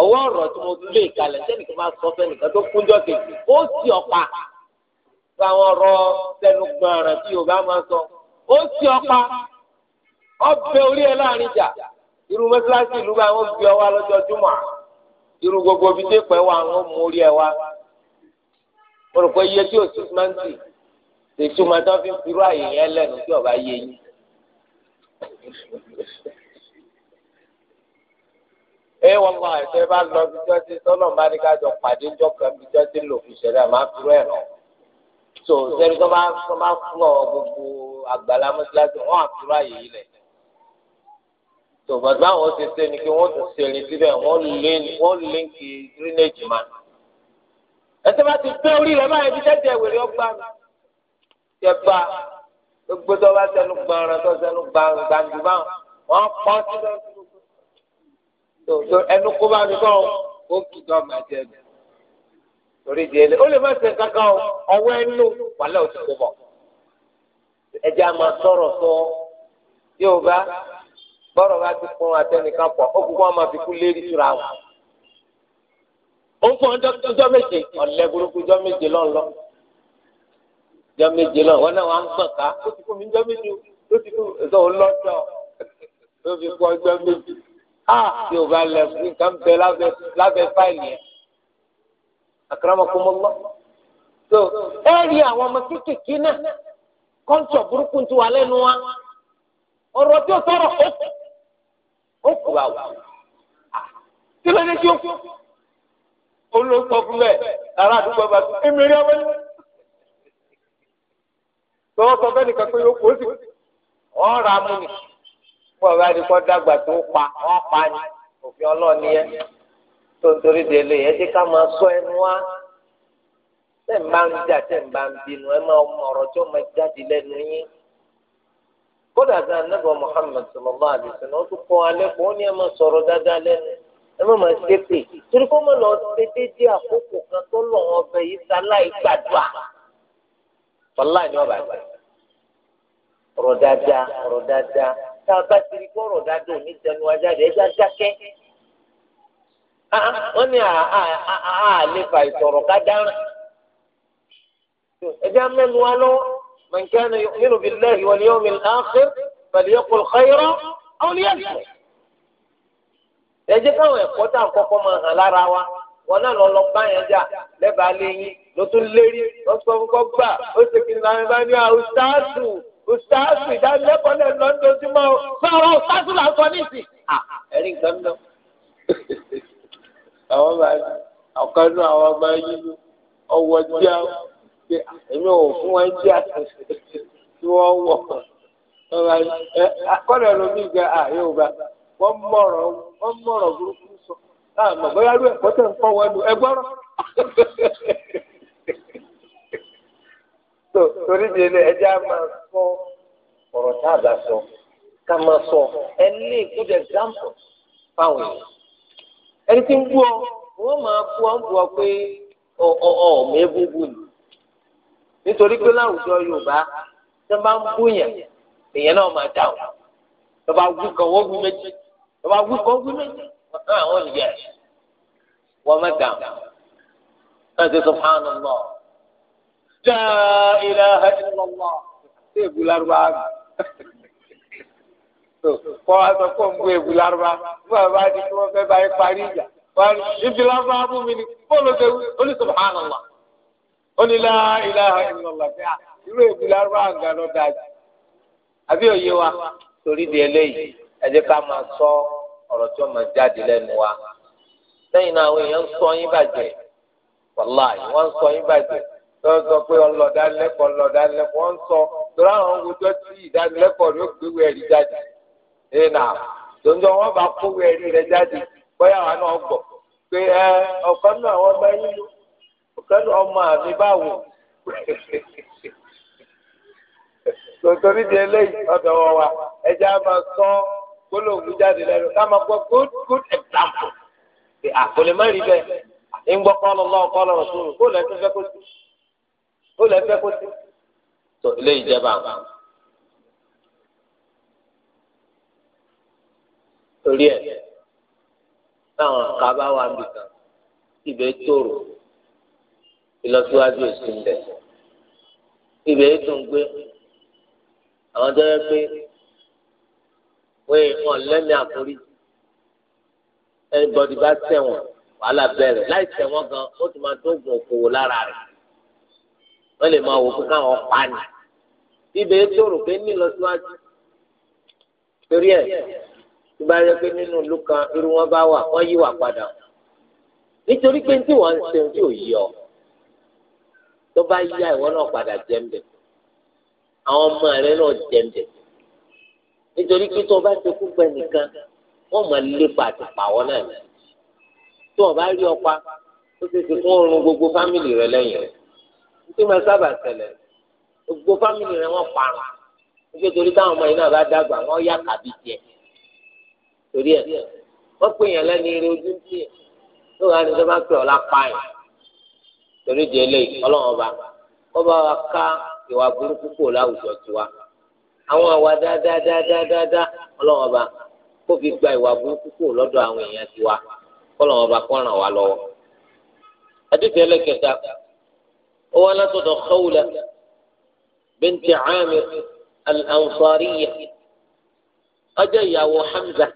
ọwọ́ ọ̀rọ̀ tí mo gbé kalẹ̀ sẹ́ni kí n bá sọ fẹ́nìkan tó kúnjọ́ kejì ó sì ọ̀pá fún àwọn ọ̀rọ̀ sẹ́nu gbọ̀nràn tí yorùbá máa sọ ó sì ọ̀pá ọbẹ̀ orí ẹ láàrin jà irú mọ́sálásí ìlú bá wọn gbé ọwá lọ́jọ́ júmọ̀ irú gbogbo ibi tí pẹ́ wà wọn mú orí ẹ wá mo rò pé iye tí o six mọ́ǹtì tètè máa tán fi ń firú àyè yẹn lẹ́nu tí ọba yé yín ẹ wọn kọ àìsẹ bá lọ bí jọ́sí tọ́lọ̀ bá ní kájọ pàdé ńjọ kan bí jọ́sí lò fi ṣẹlẹ̀ máa fi rẹ̀ rán so sẹ́ni tó bá tó bá fún ọ gbogbo àgbàlá mọ́sálásí wọn àtúrà yìí lẹ̀ tó bàtà wọn ti ṣe ni kí wọ́n ti ṣe ní síbẹ̀ wọ́n líǹkì gírínèjì máa ẹsẹ̀ bá ti gbé orí rẹ̀ báyìí fi tẹ́tẹ́ ìwèrè ọgbà mi. bá gbogbo tó bá sẹnu gbọ̀nràn tó sẹnu gbàǹgbàǹdù báwọn pọ́n síbẹ̀ tó ẹnu kó bá mi kọ́ ó kì í dọ́gba mi torí di ẹlẹ ó lè má ṣe kankan ọwọ́ ẹnu ti kó bọ̀ a máa sọ̀rọ̀ sọ yóò bá bọ́rọ̀ bá ti fún atẹnìkan pọ̀ ó kúkú wọn fi kú lérí tura wọn. ó ń fún méje ọ̀lẹ́ burúkú méje lọ́nlọ́ méje a tí o bá lẹ fún nǹkan bẹ lábẹ́ lábẹ́ fáìlì yẹn akaramakomọlọ so ẹ rí àwọn ọmọ kéékèèké náà kọ́ńtọ̀ burúkú ti wà lẹ́nu wa ọ̀rọ̀ tí o sọ̀rọ̀ ó kù ó kù àwọ̀ kí ló dé tí ó kù ó ló sọ fún bẹ́ẹ̀ ará àdúgbò bá tún èmi rí ọwọ́ tọwọ́ sọ bẹ́ẹ̀ nìkan pé ó kù ó sì ọ̀ọ́ra pọ̀ bá di kọ́ dàgbà tó pa wọ́n pa ni òfin ọlọ́ọ̀ni yẹn tó ń torí de lè yẹn tí ká máa sọ ẹnu wa tẹ̀ ń bá ń jà tẹ̀ ń bá ń bínú ẹ máa mọ ọ̀rọ̀ tí ó máa jáde lẹ́nu yín kódà gan anábọ̀ Muhammad sallallahu alaihi wasallam ó tún kọ́ alẹ́ kó ní ẹ máa sọ̀rọ̀ dáadáa lẹ́nu ẹ má máa ṣépè torí kó má lọ ṣe déédéé àkókò kan tó lọ ọbẹ̀ yìí sáláì gbàdúrà wàláì ní ọ̀bà gbà ọ̀rọ̀ dáadáa ọ̀rọ̀ dáadáa tá a bá ti rí kọ́rọ̀ dáadọ́ ní tẹnu ajáde ẹja dákẹ́. Ah, ah, wọ́n ní àlefa ah, ìsọ̀rọ̀ ká dáràn. ẹja mẹ́nu wa lọ́wọ́ man kana yu'minu billahi wal yawmil akhir falyaqul khayran aw liyasmut. ẹ jẹ́ káwọn ẹ̀kọ́ tá à ń kọ́kọ́ máa hàn lára wa wọn náà lọ lọ bá yẹn jà lẹ́bàá lẹ́yìn ló tún lérí lọ́sọ̀kọ́ gbà ó ṣe kí n làwọn bá ní àwùjọ ustaasu ìdánilẹ́kọ̀ọ́ lẹ̀ lọ́dọọdúnmọ́ sọ̀rọ̀ ustaasu là ń sọ níìsì. ẹ̀rí nǹkan náà àwọn máa ọ̀kan náà àwọn máa yí ọwọ́ díà pé èmi ò fún wọn díà tí wọ́n wọ̀ kọ́lẹ̀ lómi gẹ àyẹ̀wò bá wọ́n mọ̀rọ̀ wọ́n mọ̀rọ̀ burúkú sọ láàmú bóyá ló ẹ̀kọ́ tẹ̀ ń kọ́ wọn lu ẹgbọ́rọ̀ tó torí di ilé ẹjẹ á máa sọ ọ̀rọ̀ tá a bá sọ ká máa sọ ẹ ní good example fáwọn èèyàn ẹni tí ń bú ọ wọ́n máa bú ọ ń bú ọ pé ọ ọ ọ mẹ́ẹ́bùbù ni nítorí pé láwùjọ Yorùbá tó bá ń bú yàn èèyàn náà máa dà ọ tó bá wú kan wọ́n wú méjì tó bá wú kan wú méjì wọ́n kàn àwọn nìyẹn wọ́n mẹ́ta wọ́n ti sọ fáwọn náà la ilaha illallah ṣé èbú lárúbá kọ́ aṣọ kó ń gbé èbú lárúbá fún àbá di kí wọ́n fẹ́ bá yẹ parí ìjà wọ́n ibi lárúbá ni bọ́ọ̀lù ṣe wí subhanallah ó ní la ilaha illallah fẹ́ irú èbú lárúbá àgbà lọ dájú àbí òye wa torí di eléyìí ẹ jẹ́ ká máa sọ ọ̀rọ̀ tí ó máa jáde lẹ́nu wa lẹ́yìn náà àwọn èèyàn ń sọ yín bàjẹ́ wàláì wọ́n ń sọ yín bàjẹ́ sọ pé ọlọ́dánilẹ́kọ̀ọ́ ọlọ́dánilẹ́kọ̀ọ́ ń sọ torí àwọn wùdọ́ tí ìdánilẹ́kọ̀ọ́ rẹ̀ gbé wẹ̀rí jáde ẹ̀nà tòǹjọ́ wọn bá kó wẹ̀rí rẹ̀ jáde bóyá àwọn náà gbọ̀ pé ẹ ọ̀kan náà wọ́n bá yín ọ̀kan náà ọmọ àmì báwo tòtòrí di eléyìí ọ̀dọ̀ wọn wa ẹja máa sọ gbólóhùn jáde lẹ́nu ká máa gbọ́ good good example àkòlè má rí bẹ́ẹ̀ ń gbọ́ kọ́ lọ́wọ́ kọ́ lọ́wọ́ sóòrò ó lè fẹ́ kó sí. tó ilé ìjẹba àwọn. torí ẹ táwọn àkàbá wa bì kan ibẹ̀ tòrò ìlọsíwájú èsì ń bẹ ibẹ̀ ètò ń gbé àwọn tó yẹ pé wọ́n hàn lẹ́mí àforí ẹnìbọ̀dì bá tẹ̀wọ̀n wàhálà bẹ̀rẹ̀ láì tẹ̀wọ̀n gan ó ti máa dógun òkòwò lára rẹ̀ wọ́n lè máa wò pé káwọn pa ni ibẹ̀ tóró pé nílọ síwájú torí ẹ̀ tó bá yẹ pé nínú ìlú kan irú wọn bá wà wọ́n yí wà padà nítorí pé tí wọ́n ń ṣe ohun tí ò yí ọ tó bá yá ìwọ náà padà jẹ́ǹbẹ̀ àwọn ọmọ rẹ náà jẹ́ǹbẹ̀ nítorí pé tó o bá ti kú nìkan wọ́n mọ̀ lépa àti pàwọ́ náà tó o bá rí ọpa ó ti ti fún oorun gbogbo fámìlì rẹ lẹ́yìn rẹ̀ tí mo sábà ṣẹlẹ̀ gbogbo fámìlì rẹ̀ wọ́n parun nígbà torí táwọn ọmọ yìí náà bá dàgbà wọ́n yá kàbí tiẹ̀ torí ẹ̀ wọ́n pè yàn lẹ́nu eré ojú ń tiẹ̀ tó wà ní tó bá pè ọ́ lápá yẹn torí di eléyìí ọlọ́run ọba wọ́n bá wa ká ìwà burúkú kò láwùjọ tiwa àwọn àwa dáadáadáadáa ọlọ́run ọba kó fi gba ìwà burúkú kò lọ́dọ̀ àwọn èèyàn tiwa kọ́lọ́run ọba kó ràn wá lọ́wọ́ adéjọ́ ẹlẹ́kẹta. ولد خولة بنت عامر الأنصارية أجي أبو حمزة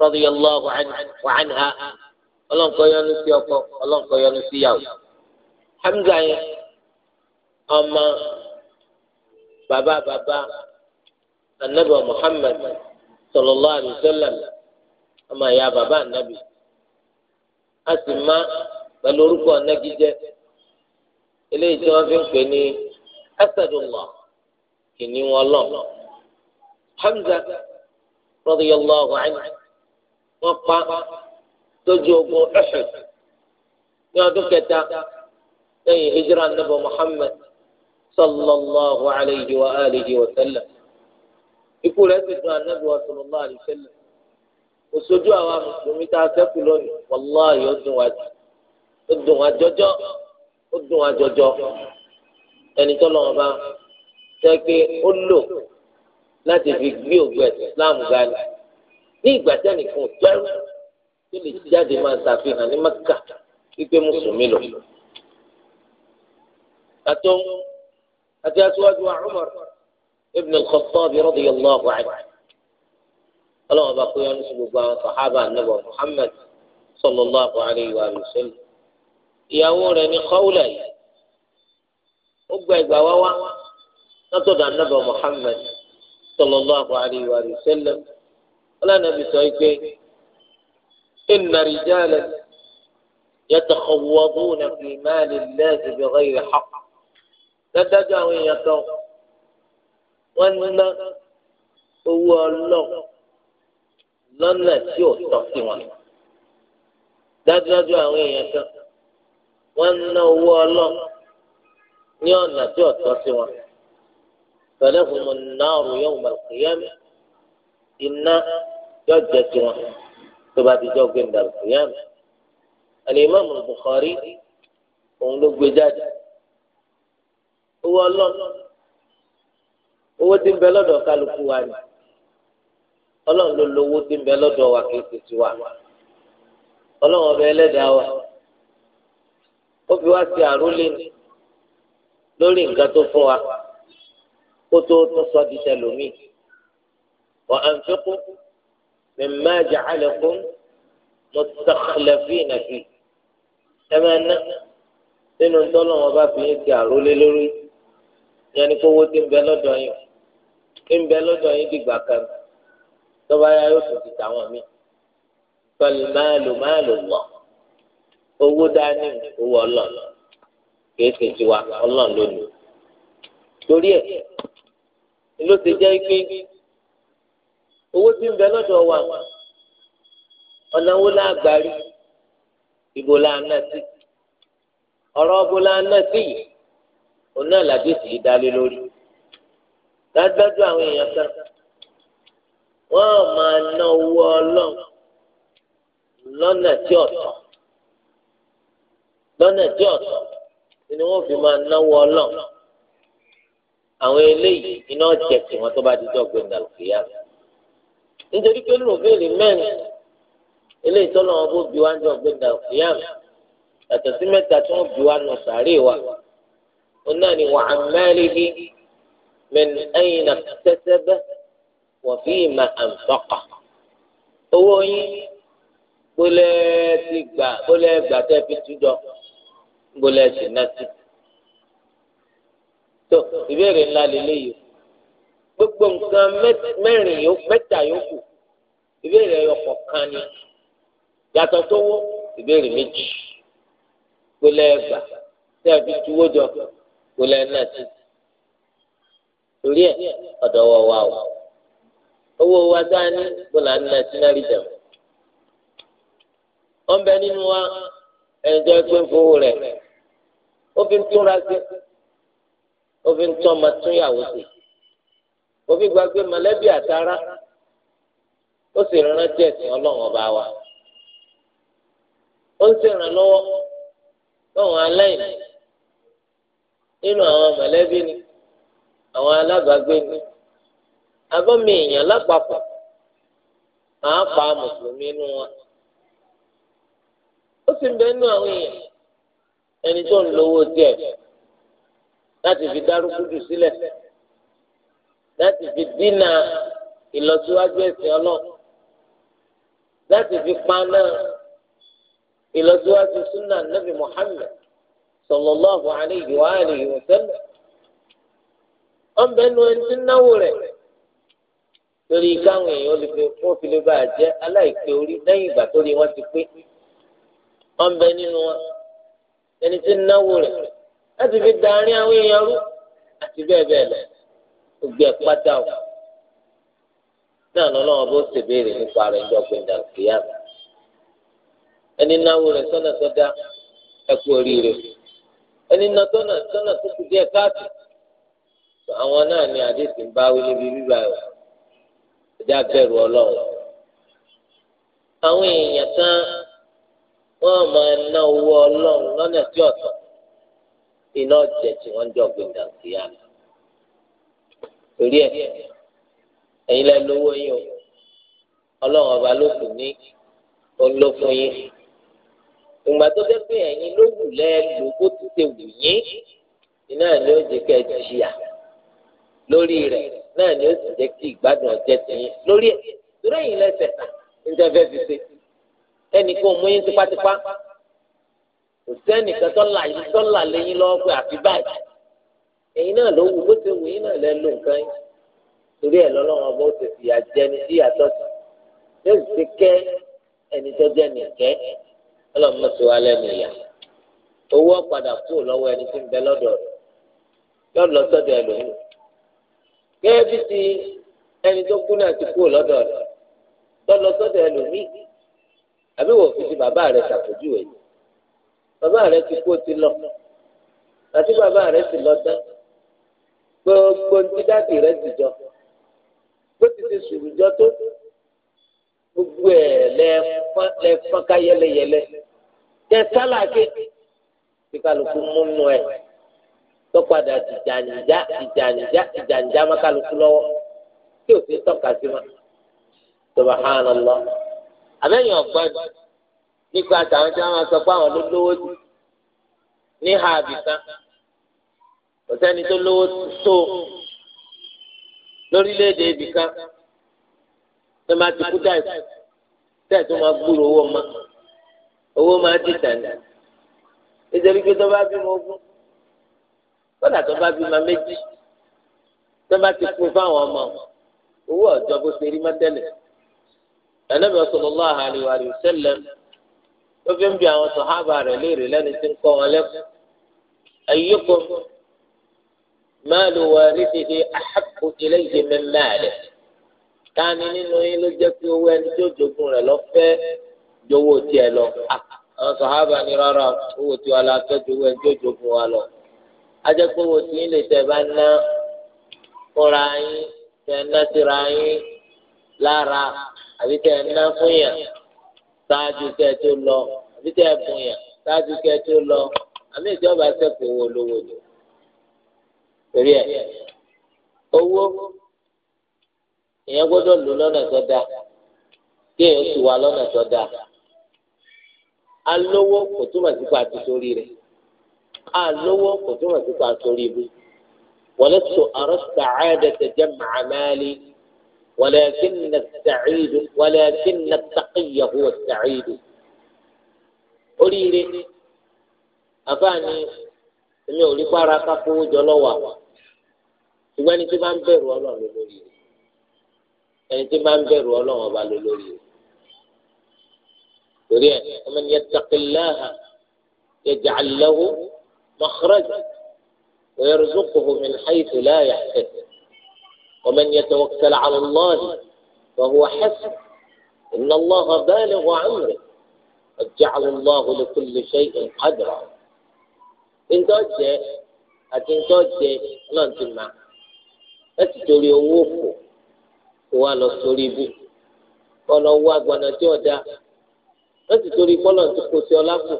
رضي الله عنه وعنها الله قيا نسيك الله قيا نسيك حمزة أما بابا بابا النبي محمد صلى الله عليه وسلم أما يا بابا النبي أسمى بل ركوا النبي eléyìí tí wọ́n fi ń pè ní asadullah kìnìún ọlọ́ọ̀ hamza radiyallahu anhu wọ́n pa lójú ogun Uhud ní ọdún kẹta lẹ́yìn hijira nabọ muhammed sallallahu alayhi wa alihi wa sallam ikú rẹ̀ ti dùn anabi wa sallallahu alayhi wa sallam òṣojú àwa mùsùlùmí tá a ṣẹ́kù lónìí wàláhi ó dùn wá jọjọ́ ó dùn wá jọjọ ẹni tó lọ́wọ́ bá jẹ́ pé ó lò láti fi gbé ògbẹ́ Islam gani ní ìgbà tẹ́nì fún pẹ́rù tó lè jáde máa ṣàfihàn ní Mẹ́kà wípé mùsùlùmí lò. àtọ́ àti aṣíwájú Umar ibn al-Khattab radiyallahu anhu ọlọ́wọ́ bá kó yọ ní sọ àwọn sàhábà nàbọ̀ Muhammad sallallahu alayhi wa sallam. ìyàwó rẹ̀ ní kọ́wúlẹ̀ yìí ó gba ìgbà wá wá látọ̀ látọ̀dọ̀ anábà Muhammad sallallahu alayhi wa sallam ẹbí sọ pé inna rijalan yatakhawaduna fi mali llahi bighayri haqq dájọ́ àwọn èèyàn tọ̀ wọ́n ná owó ọlọ́ọ̀ lọ́nà tí ò tọ́ sí wọn dájúdájú àwọn èèyàn kan wọ́n ń ná owó ọlọ́ ní ọ̀nà tí ọ̀tọ́ sí wọn fẹlẹ́hùn mọ̀ náà rò yẹ̀wò màlùkìyàmì iná yọ jẹ sí wọn tó bá ti jọ gbé màlùkìyàmì Al-Imam Bukhari òun ló gbé jáde owó ọlọ́ owó tí ń bẹ lọ́dọ̀ kálukú wa ni ọlọ́run ló lówó tí ń bẹ lọ́dọ̀ wa kì í ti tiwa ọlọ́run ọbẹ̀ ẹlẹ́dàá wa ó fi wá sí àrólé lórí nǹkan tó fún wa kó tó tó sọ di tẹlómi wa anfiqu mimma ja'alakum mustakhlafina fi ẹ máa ná nínú tọ́lọ́ wọn bá fi yín sí àrólé lórí yẹn ni kówó ti ń bẹ lọ́dọ̀ yín ń bẹ lọ́dọ̀ yín dìgbà kan tọ́ba yá yóò tún ti tàwọn mí fal malu malu Allah. owó dání owó ọlọ́ọ̀lọ́ kìí ṣe tiwa ọlọ́ọ̀lọ́ lónìí torí ẹ, ló ti jẹ́ pé owó ti ń bẹ lọ́dọ̀ wa ọ̀nà wo la la ná ibo la ná sí yìí òun náà làdéhùn yìí dálé lórí dájúdájú àwọn èèyàn kan wọ́n máa ná owó lọ́nà lọ́nà tí ọ̀tọ̀ ni wọ́n fi máa náwó ọlọ́ọ̀ àwọn eléyìí iná jẹ tí wọn tó bá di dọ́gbé nàlùkìyà nítorí pé lùmíìlì mẹ́rin eléyìí tọ́lọ́ wọn bó bí wá dọ́gbé nàlùkìyà yàtọ̀ sí mẹ́ta tí wọ́n wá sàárè wa wọn náà ni wàá mẹ́rin ẹ̀yìn nà tẹ́tẹ́bẹ́ wọ́n fi mà owó yín gbà tẹ́ fi tú jọ. gbólẹ̀ ṣe náà tó ìbéèrè ńlá lélẹ́yìí gbogbo nǹkan mẹ́rin mẹ́ta yòókù ìbéèrè ọkọ̀ kan ni yàtọ̀ tó ìbéèrè méjì ẹgbà tí a fi tuwó jọ gbólẹ̀ náà torí ẹ̀ o owó wa dáa ní gbólẹ̀ náà sí bẹ nínú wa ẹnjẹ obìnrin tó ń ra sí obìnrin tó ọmọ tún yàwó sí obìnrin gbàgbé mọ̀lẹ́bí àtàrà ó sì ọlọ ẹ̀sìn ọlọ́run ọba wa ó ń ṣèrànlọ́wọ́ lọ́wọ́ aláìní nínú àwọn mọ̀lẹ́bí ni àwọn alábàágbé ni abọ́mi èèyàn lápapọ̀ àápa mùsùlùmí inú wọn ó sì ń nínú àwọn èèyàn. ẹni tó ń lówó díẹ̀ láti fi dárúkúdù sílẹ̀ láti fi dínà ìlọsíwájú ẹ̀sìn ọlọ́run láti fi paná ìlọsíwájú súnà nàbì wa wa ẹni tí ń náwó rẹ̀ torí káwọn èèyàn lè fi fún òfin lè bá a jẹ́ orí ìgbà tó rí wọn ti ẹni tí ń náwó rẹ̀ láti fi darí àwọn èèyàn rú àti bẹ́ẹ̀ bẹ́ẹ̀ lọ gbogbo pátá o náà lọ́lọ́wọ́ bó ṣe béèrè nípa ẹni náwó rẹ̀ sọ́nà sọ́dá ẹ̀kú oríire ẹni tọ́nà tọ́nà tó kù díẹ̀ àwọn náà ni àdéhùn bá wí níbi bíbá wọ́n máa ná owó ọlọ́run lọ́nà tí ọ̀tọ̀ iná jẹ tí wọ́n jọ gbẹ̀dà sí i àná. torí ẹ ẹ̀yin lẹ lówó yín o ọlọ́run ọba ló kù ní ló yín. ìgbà tó dé pé ẹ̀yin ló wù lẹ́ẹ̀lú bó ti ṣe wù yín iná ni ó jẹ kẹ́ ẹ jìyà lórí rẹ̀ náà ni ó sì jẹ́ kí ìgbádùn ọ̀jẹ̀ tẹ̀yìn lórí ẹ̀ torí ẹ̀yin lẹ́sẹ̀ níta fẹ́ fi ṣe ẹnì kan mú yín tipátipá kò sẹ́nì kan tọ́là yín tọ́là lẹ́yìn lọ́wọ́ pé àfi báyìí ẹ̀yin náà ló wù bó ti wù yín náà lẹ́ ló nǹkan yín torí ẹ̀ lọ́lọ́run ọba ó ti fi àjẹni sí àtọ́sí yóò sì ti kẹ́ ẹni tó jẹ́ nìkẹ́ ọlọ́mọ sì wá lẹ́nu ìyá owó ọ̀padà kú lọ́wọ́ ẹni tí ń bẹ lọ́dọ̀ rẹ̀ lọ sọ́dọ̀ ẹlòmíì gẹ́gẹ́ bí ti ẹni tó kú náà ti kú lọ́dọ̀ rẹ̀ yóò lọ sọ́dọ̀ ẹlòmíì àbí wọ́n fi ti bàbá rẹ̀ ṣàpèjúwe yìí bàbá rẹ̀ ti kó ti lọ àti bàbá rẹ̀ ti lọ tán gbogbo ti dáàbì rẹ̀ ti jọ bó ti ti sùn jọ tó gbogbo ẹ̀ lẹ fọ́nká yẹlẹyẹlẹ tẹ sálàké tí kálukú múnú ẹ̀ tọ́padà ìjànjá ìjànjá ìjànjá má kálukú lọ́wọ́ tí ò sí tọ́ka sí ma subhanallah àbẹ́yìn ọ̀gbọ́n nípa àtàwọn tí wọ́n máa sọ pé àwọn ló lówó sí ní ha àbìkan kò sẹ́ni tó lówó tó lórílẹ̀‐èdè ibìkan tó máa ti kú dáì tẹ́ẹ̀ tó máa gbúrò owó ma owó máa ti tẹ̀lé nítorí pé tó bá bímọ ogún kódà tó bá bímọ méjì tó bá ti kú fáwọn ọmọ owó ọ̀jọ́ bó ṣe rí mọ́tẹ́lẹ̀. Ànábì sallallahu alaihi wa sallam ó fi ń bi àwọn sàhábà rẹ̀ léèrè lẹ́ni tí ń kọ́ wọn lẹ́kọ̀ọ́ ayyukum máàlù warithihi ahabbu ilayhi min maalihi tani nínú yín ló jẹ́ pé owó ẹni tó jogún rẹ̀ lọ fẹ́ jowó tiẹ̀ lọ àwọn sàhábà ní rárá owó tiwa la fẹ́ jowó ẹni tó jogún wa lọ ajẹ́ pé owó lè tẹ̀ bá ná fúnra yín tẹ̀ ná síra yín lára àbí tẹ ẹ ná fún yàn ṣáájú kẹ tó lọ àbí tẹ ẹ bùn yàn ṣáájú kẹ tó lọ àmì ìjọba sẹkọọ owó lówó ni torí ẹ owó ìyẹn gbọ́dọ̀ lò lọ́nà tó dáa kí èèyàn tù wá lọ́nà tó dáa alówó kò túmọ̀ sí pa àti sórí alówó kò túmọ̀ sí pa àti sórí wọlé tó àrọ́sà àádẹ́tẹ̀ jẹ́ màmáàlì. ولكن السعيد ولكن التقي هو السعيد قولي لي أفاني سمي أولي بارك أفو جلوة سواني تبان بير والله لولي يعني تبان بير والله لولي قولي ومن يتق الله يجعل له مخرجا ويرزقه من حيث لا يحتسب ومن يتوكل على الله فهو حسن إن الله بالغ عمره قد جعل الله لكل شيء قدرا إن توجه أتن توجه لا تجمع أتتولي ووفو ولا تولي ọlọ wọ agbọnà tí ọdá wọn sì torí kọlọ tó kó sí ọlá fún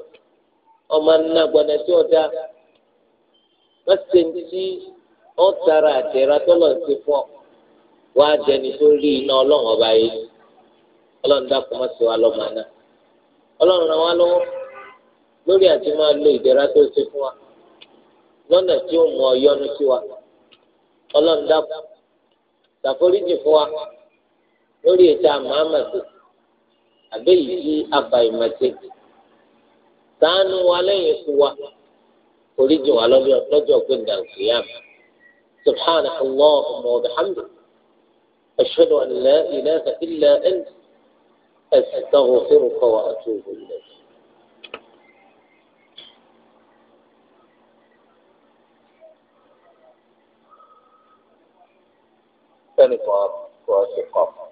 ọmọ ọ tara àtẹ̀ra tọ́lọ̀ ń ti fọ́ wá jẹni tó rí iná ọba yìí ọlọ́run dákun má sí wa lọ́mọ náà ọlọ́run ràn wá lọ́wọ́ lórí àti máa lo ìdẹ̀ra tó ti fún wa lọ́nà tí ó mọ ọ sí wa ọlọ́run dákun ṣàforíjì fún wa lórí ètò sí wa lẹ́yìn ikú wa سبحانك اللهم وبحمدك أشهد أن لا إله إلا أنت أستغفرك وأتوب إليك ثاني طعام وأثقافة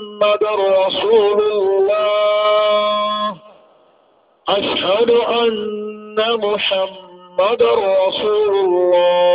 رسول الله أشهد أن محمد رسول الله